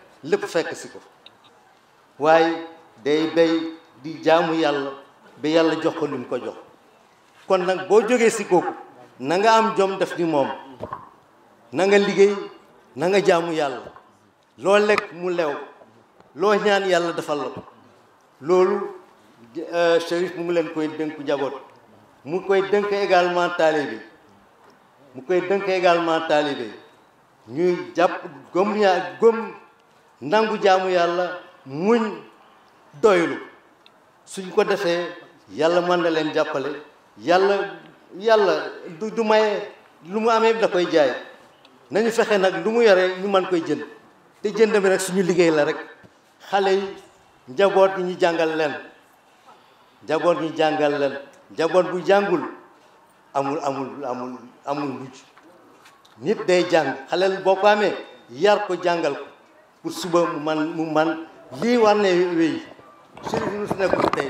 lépp fekk si ko waaye day bay di jaamu yàlla ba yàlla jox ko li mu ko jox kon nag boo jógee si kooku na nga am jom def ni moom na nga liggéey na nga jaamu yàlla loo lekk mu lew loo ñaan yàlla defal la loolu euh, Cherif mu ngi leen koy dënku njaboot mu koy dënk également taalibe mu koy dënk également taalibe ñuy jàpp gëm yaa gëm nangu jaamu yàlla muñ doylu suñ ko defee yàlla mën na leen jàppale yàlla yàlla du du lu mu amee da koy jaay nañu fexe nag lu mu yore ñu mën koy jën te jënd bi nag suñu liggéey la rek xale yi njaboot yi ñu jàngal leen njaboot ñu jàngal leen njaboot bu jàngul amul amul amul amul mujj nit day jàng xaleel boo ko amee yar ko jàngal pour suba mu man mu man lii war na wéy Chérif ñu fi nekkul tey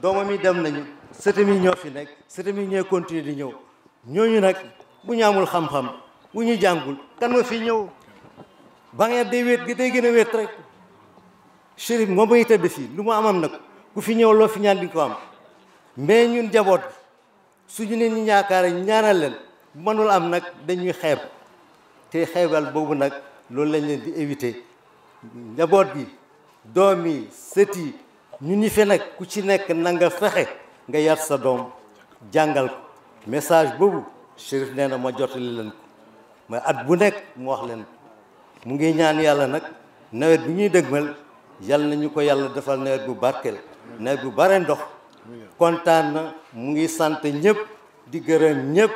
doomam yi dem nañu sëtam yi ñoo fi nekk sëtam yi ñooy continuer di ñëw ñooñu nag bu ñu amul xam-xam bu ñu jàngul kan ma fi ñëw ba bangeer day wéet gi day gën a wéet rek Chérif moom may tëdd fii lu mu amam nag ku fi ñëw loo fi ñaan di ko am mais ñun jaboot suñu ne ñu yaakaar ñaanal leen bu mënul am nag dañuy xeeb te xeebal boobu nag loolu lañ leen di éviter njaboot bi doom yi sët yi ñu ni fi nag ku ci nekk na nga fexe nga yar sa doom jàngal ko message boobu Chérif nee na ma jotali leen ko mais at bu nekk mu wax leen mu ngi ñaan yàlla nag nawet bi ñuy dëgmal yàlla nañu ko yàlla defal nawet bu barkeel nawet bu bare ndox kontaan na mu ngi sant ñëpp di gërëm ñëpp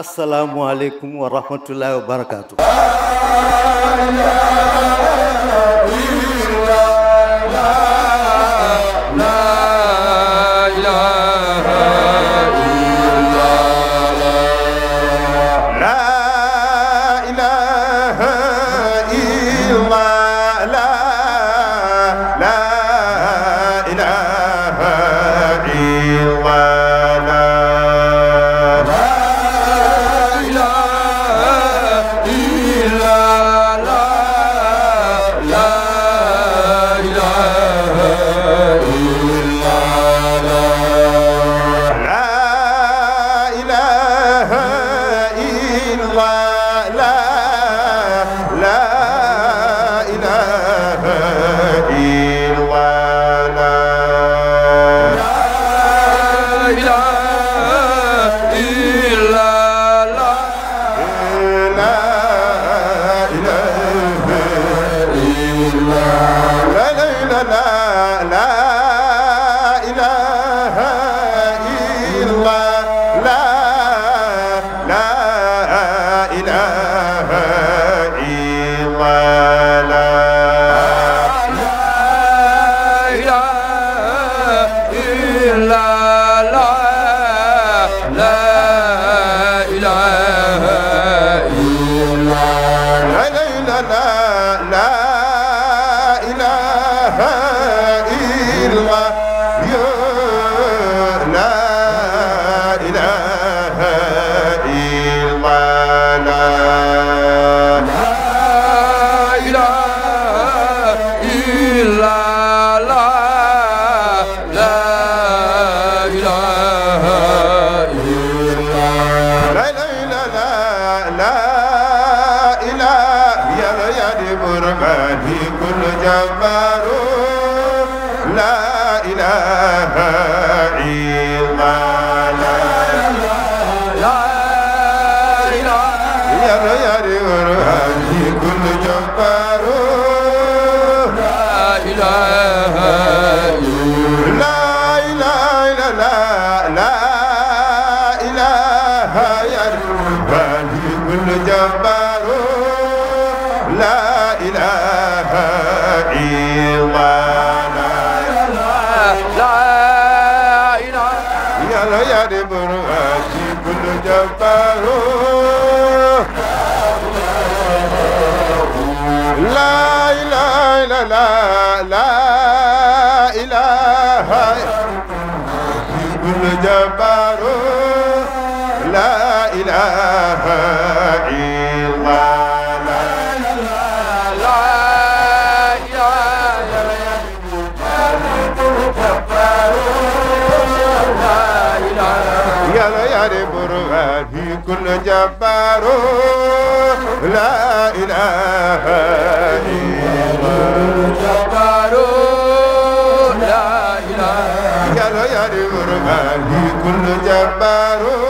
asalaamualeykum wa rahmatullahi wa barakaatu. Allah, we الجبار لا إله إلا الله الجبار لا إله يا يا الملك كل جبار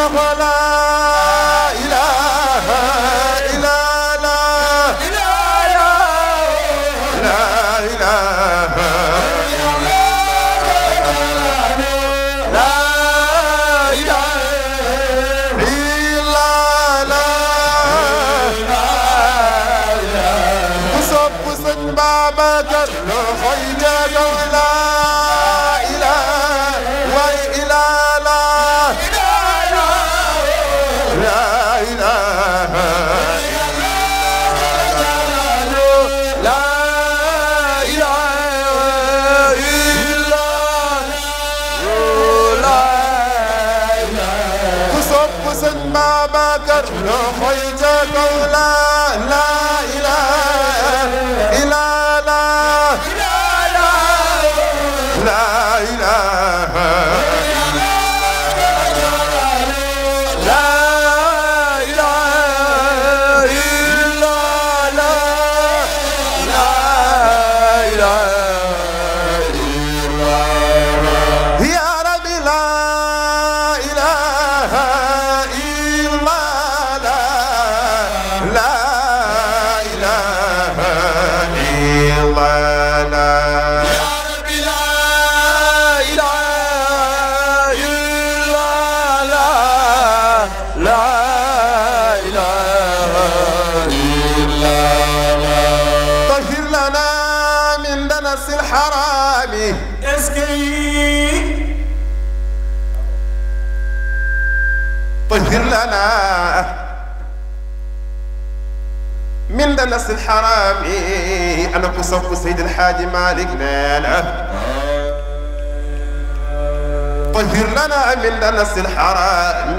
up on عليك طهر لنا من دنس الحرام أنا قصف سيد الحاج مالك لنا طهر طيب، لنا من دنس الحرام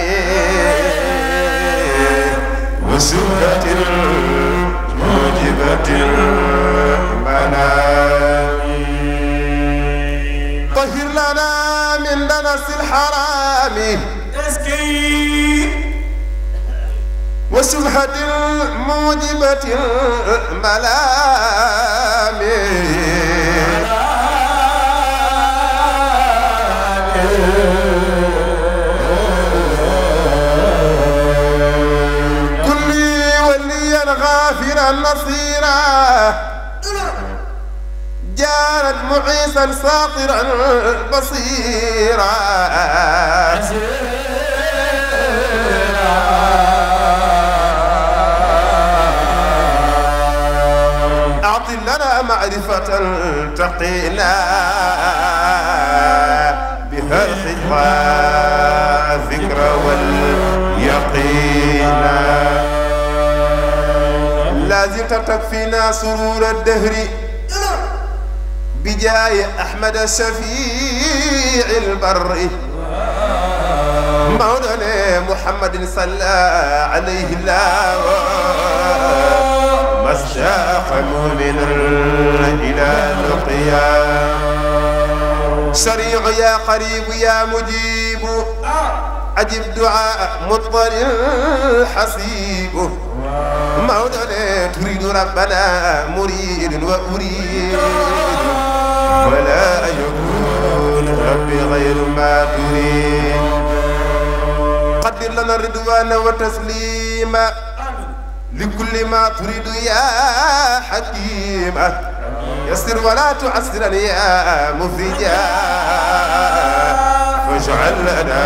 وسورة موجبة المنام طهر لنا من دنس الحرام تزكي وسبحة الموجبة الملام كل وليا غافرا نصيرا جارت معيسا ساطرا بصيرا أعط لنا معرفة تقينا بها الخطى الذكر واليقينا لازم تكفينا سرور الدهر جاي أحمد سفيع البر مولانا محمد صلى عليه الله ما مؤمن إلى القيام سريع يا قريب يا مجيب أجب دعاء مضطر حصيب مولانا تريد ربنا مريد وأريد ولا يكون ربي غير ما تريد قدر لنا الرضوان وتسليما لكل ما تريد يا حكيم يسر ولا تعسر يا مفيد واجعل لنا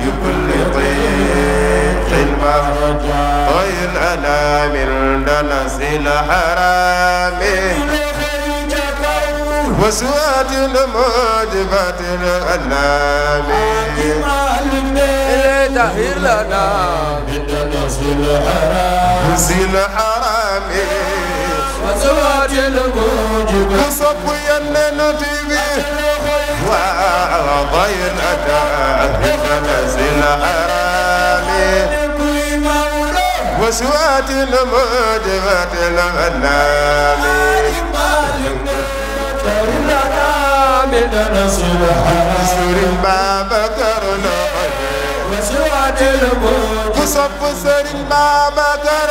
لكل طيب مخرجا طير لنا من دنس الحرام وسوات الموجبات الألام تهير لنا بالتنزيل حرام تنزيل حرام وسوات الموجبات وصفي الليل في وضين أتى بالتنزيل حرام وسوات الموجبات الألام بدر لنا من نصر نصر ما بدر لنا وسعد الموت وصفصر ما بدر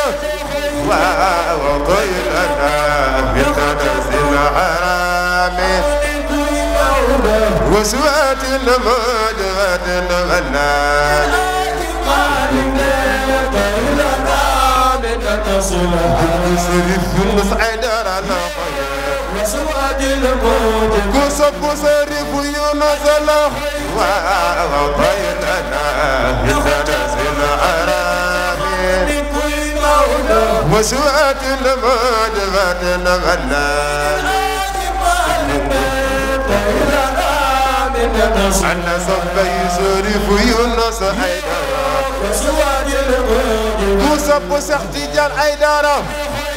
وطيلنا من وسوات الموت غد الغنى نصر المصعد رانا سواد الموت قوس قصر فيونا زلا وطيرنا تنزل عرامي لكل مولى وسواد الموت بدل غلا عنا صبي يزوري فيونا صحيح وسواد الموت قوس قصر تجال عيدارة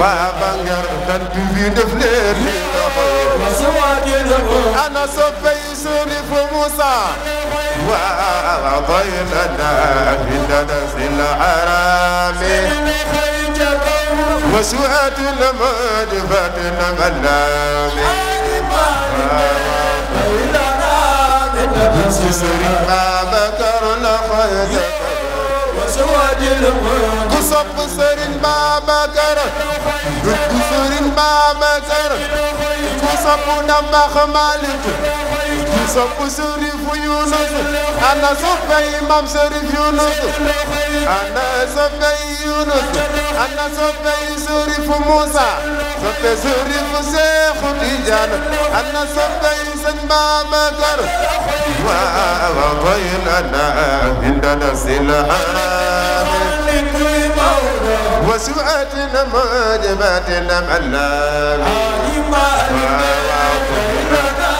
waa bangar dan bi fi def leen ana soppay surif Musa waa ضيلنا بالدنس الحرام وسوءة الموت فتن ما بكرنا خيزك ku sopp sëriñ Babacar ku sëriñ Babacar ku sopp Dabakh Malick ku sopp Sërif Yunus ana soppay Mam Sërif Yunus ana soppay Yunus ana soppay Sërif Moussa soppe sëriñ bu Seexu Tijaan ana soppe yi sëñ Babacar waaw waaw koy nana bindana silhaami wasuatina mujabatina malaami waaw waaw koy nana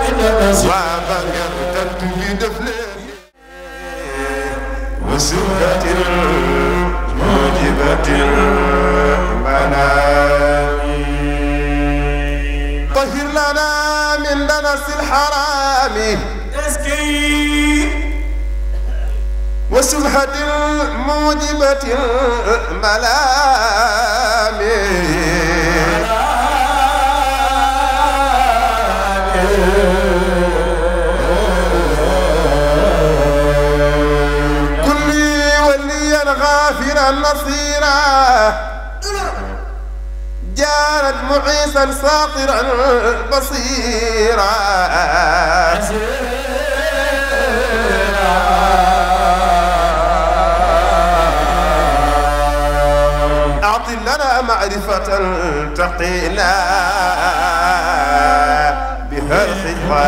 bindana silhaami وسورة موجبة المنام لنا من دنس الحرام اسقي وسبحة الموجبة الملام كلي وليا غافرا نصيرا كانت معيسا ساطرا بصيرا أعطي لنا معرفة تقينا بها الخفا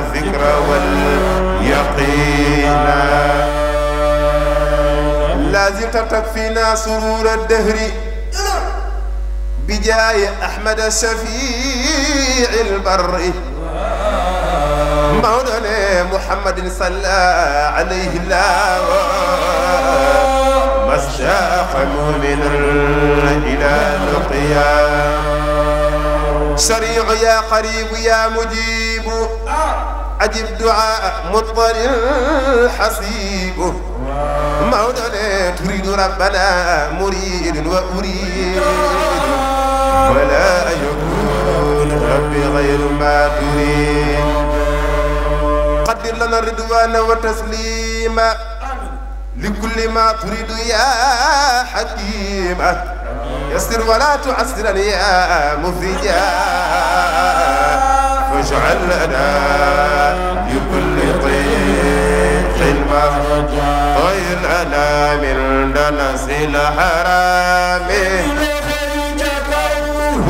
ذكر واليقينا لازلت تكفينا سرور الدهر جاي أحمد الشفيع البري مولانا محمد صلى عليه الله ما مؤمن إلى القيام سريع يا قريب يا مجيب أجب دعاء مضطر حصيب مولانا تريد ربنا مريد وأريد ولا يكون ربي غير ما تريد قدر لنا الرضوان وتسليما لكل ما تريد يا حكيم يسر ولا تعسر يا مفيا واجعل لنا لكل طيق مخرجا خير لنا من دنس الحرام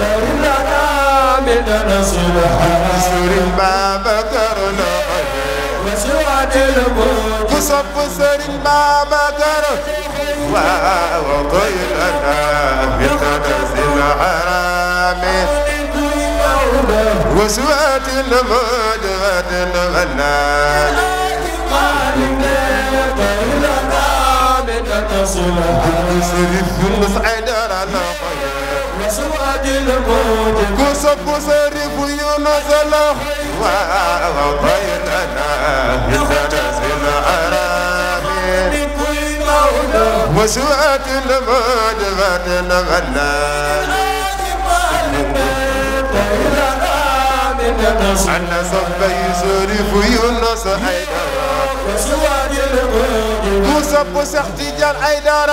تر لنا من نصلح نسر الباب تر لنا وسواد الموت وصف سر الباب تر وطيلنا من نصل الحرام وسواد الموت وتنغنى تصلح نسر الثلث عدنا سواد الموت قصب قصرف ويوم زلح وضيتنا يزنز العرامي وسواد الموت غنى غنى أنا صبي يزوري يونس حيدر وسواد الموت قصب قصرف تجال حيدر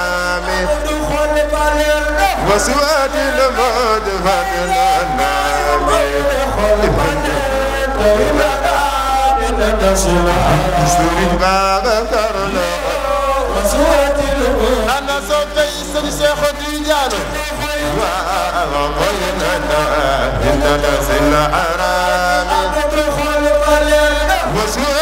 وسواد الموت فضلنا سوري بابا كرنا وسواد الموت انا صوتي سن شيخ ديجان وقلنا انت تسل حرام وسواد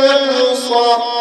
والوصال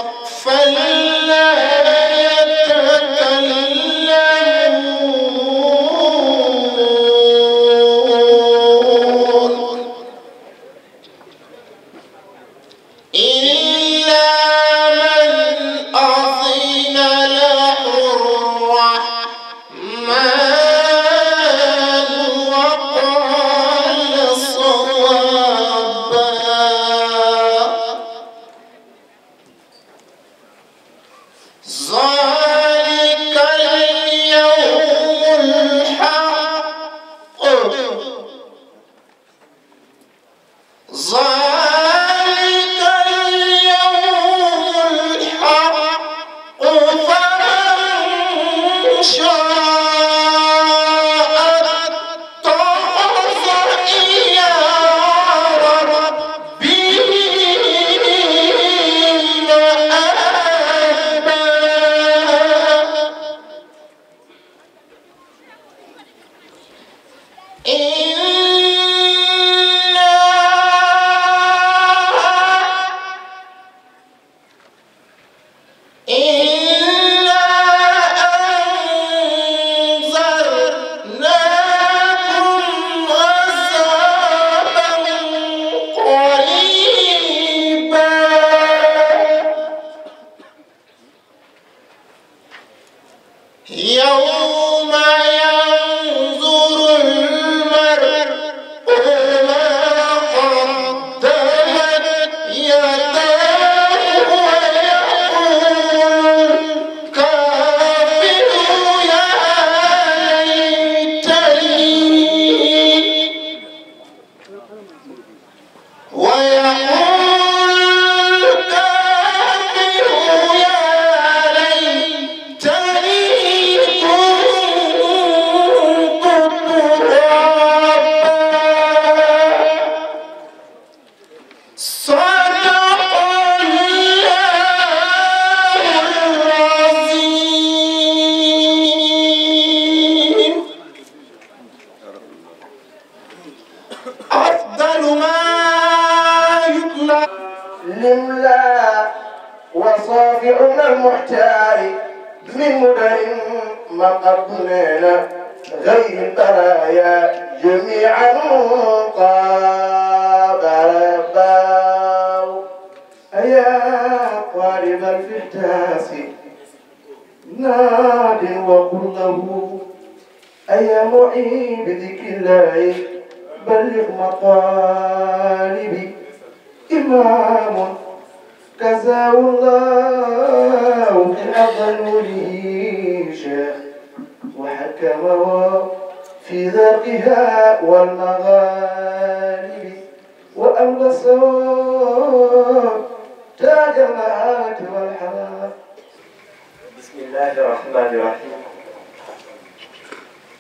وصافعنا المحتار من مدن مقرنين غير البرايا جميعا قابوا أيا قارب الفحتاس ناد وقل له أيا معين بذكر الله بلغ مطالبي إمام جزاه الله من كأفضل شيخ وحكم في ذرقها والمغارب وأمضى تاج المعاد والحرام بسم الله الرحمن الرحيم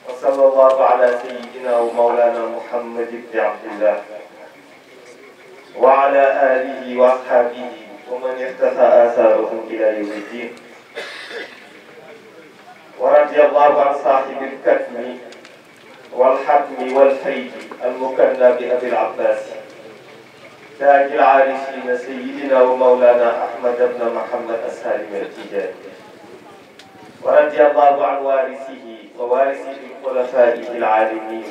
وصلى الله على سيدنا ومولانا محمد بن عبد الله وعلى آله وأصحابه ومن اختفى آثارهم إلى يوم الدين ورضي الله عن صاحب الكتم والحتم والفيد المكنى بأبي العباس تاج العارفين سيدنا ومولانا أحمد بن محمد السالم التجاري ورضي الله عن وارثه ووارثه الخلفاء العالمين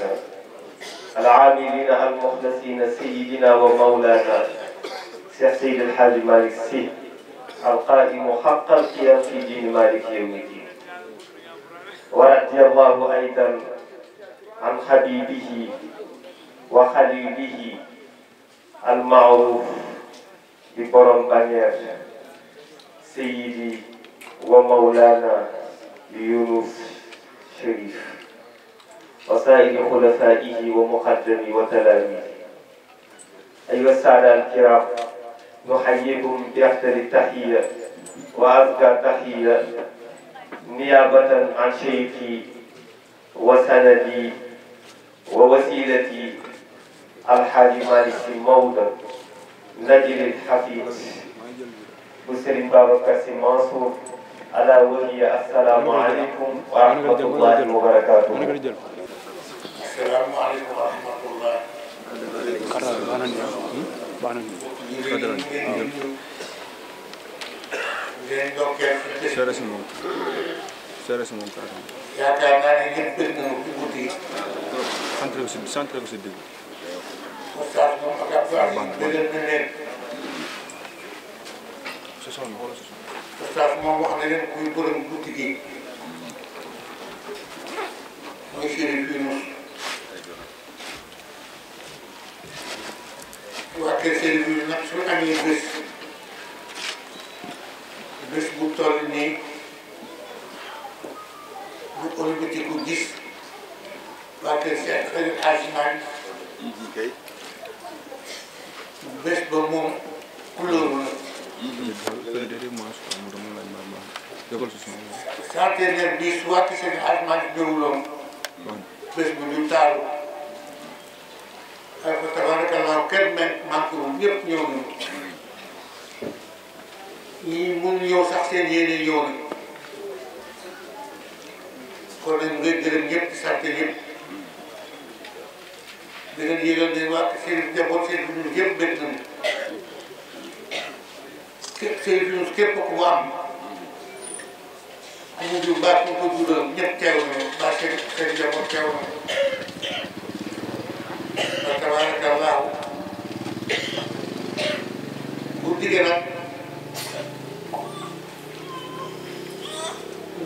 العاملين المخلصين سيدنا ومولانا سيد الحاج مالك السي القائم حق القيام في دين مالك يوم الدين ورضي الله أيضا عن حبيبه وخليله المعروف ببرم بنير سيدي ومولانا يونس شريف وسائر خلفائه ومقدمي وتلاميذه أيها السادة الكرام نحييكم بأحسن التحية وأزكى تحية نيابة عن شيخي وسندي ووسيلتي الحاج مالك مودة نجل الحفيظ مسلم قاسم منصور ألا وهي السلام عليكم ورحمة الله وبركاته السلام عليكم ورحمة الله 그들은 Sera si moom sera si moom kaasam yaakaar naa ne ñëpp dégg na ci guddi yi centre bi si centre bi si dégg oustaz moom ak ab dëggal na leen ce sont xoolal ce sont oustaz moom wax na leen kuy borom guddi gi mooy Chérif Yunus waa kër Serigne bi nag su amee bés bés bu toll nii bu ëllëgatiku gis waa kër Serigne Asimane bés ba moom kulóoru na. centenaire waa kër Serigne Asimane ñëwuloon bés bu kër me maam moom ñëpp ñëw nañu ñii mun ñëw sax seen yéene ñëw nañu kon nag nga gërëm ñëpp sant ñëpp di leen yëgal ne waa seen njaboot seen dund yëpp bët nañu képp seen dund képp ku mu am ku mu jur baax ku ko jural ñëpp teew nañu baax seen seen digg nag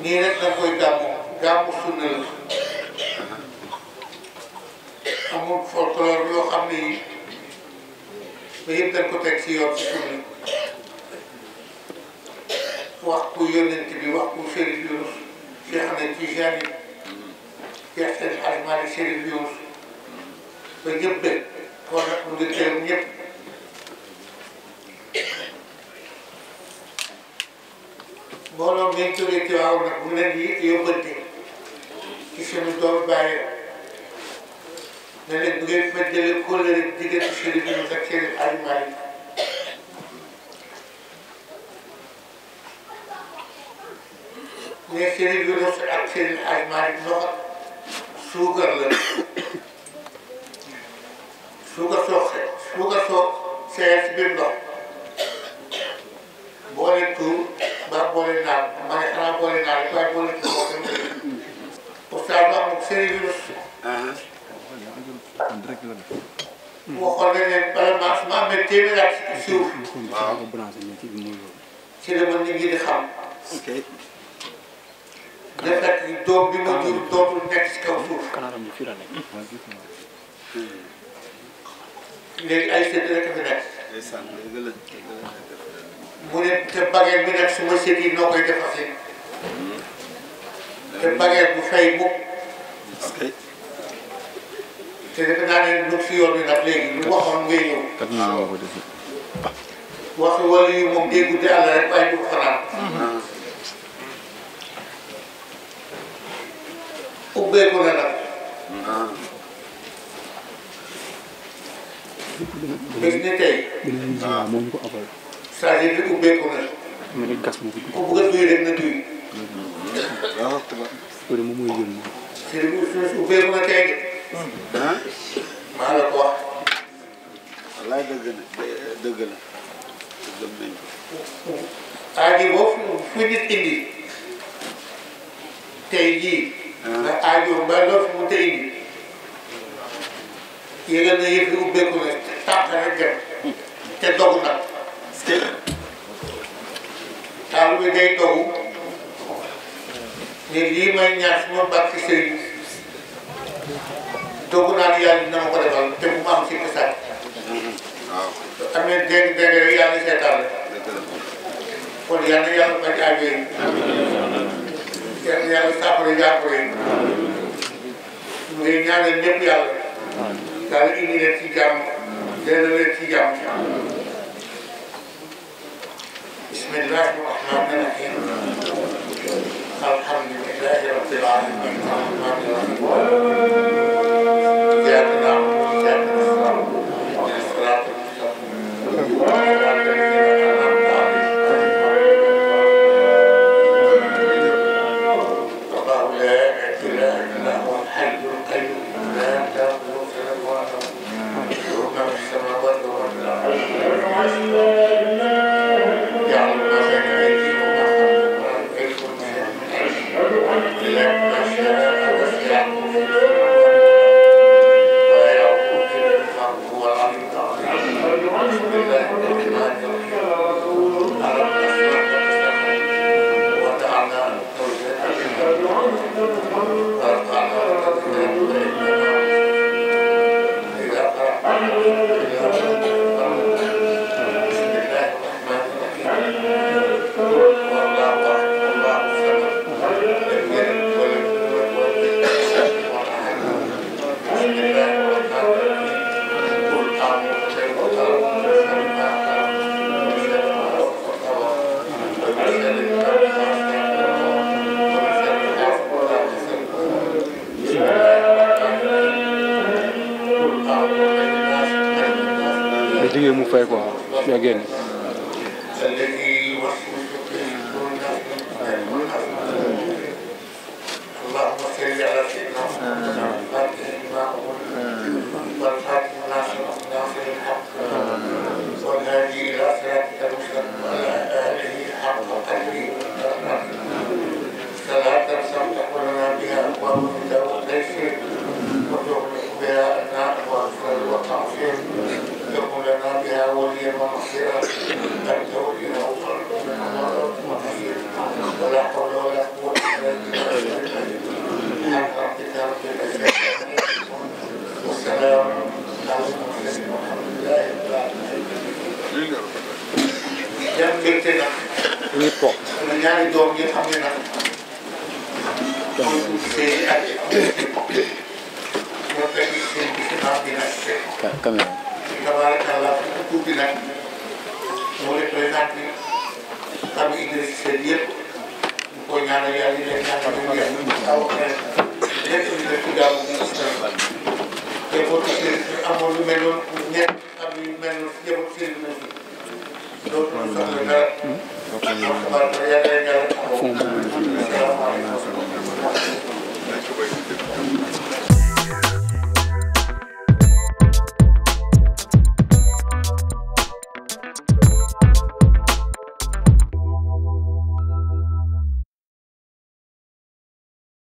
nii rek da koy gàmmu gàmmu sunna la amul folklore yoo xam ne yi ba yëpp dañ ko teg ci yoon ci sunna wax ku yónent bi wax ku Chérif Yunus Cheikh Ahmed Tijani Cheikh El Hadj Malick Chérif Yunus ba ñëpp de kon nag mu ngi teew ñëpp mbooloo ngeen jógee ci waaw nag mu leen di yóbbante ci suñu doom bàyyi na leen bu ngeen fa jëlee kóllëre diggante Serigne bi ak Serigne Aliou Malick ne Serigne bi dafa ak Serigne Aliou Malick ndox suukar la suukar soo suukar soo seet bi ndox boole tuur maa boole naal ma ne xanaa boole naal waaye boole ci kaw dem. oustaz uh-huh. ma amul sérieux virus. waxoon nañ leen bala maa su ma amee téeméer ak suuf. waaw ci la ma nit ñi di xam. dafa nekk doom bi ma jur dootul nekk ci kaw suuf. léegi ay sédd rek a fi nekk. mu ne te baguette bi nag suma sët yi noo koy defasi hmm. te bu fay mukk te defe naa ne dugg si yoon bi nag léegi lu waxoon ngay ñëw waxi wala yu moom déggu di àll rek waaye du fanaan hmm. ubbeeku na nag hmm. bés ni tey ah. ah. moom ko abal c'est-à-dire li ubbeeku mu ne gas mu dugg. ku bëgg a duy rek na duy. waaw waaw. moom mooy yëngu. sëriñ bi suuf ubbeeku na tey maa la ko wax. dëgg la dëgg la dëgg nañ ko. aaji boobu fu nit indi. tey jii. nga aajo ba loo fi mu tey na yëf yi ubbeeku na tànk rek te dogu nag. te taal bi day dogu ne lii may ñaan su ma barke sëriñ dogu naa ne yàlla dina ma ko defal te bu ma am si kër sàkk. waaw am na dégg dégg rek yàlla seetaan la kon yàlla yàlla faj aajo yi yàlla yàlla saafara jàppale yi mu ngi ñaanal ñëpp yàlla daal indi leen ci jàmm delloo leen ci بسم الله الرحمن الرحيم الحمد لله رب العالمين الرحمن الرحيم إياك نعبد وإياك نستعين الصراط المستقيم Yeah.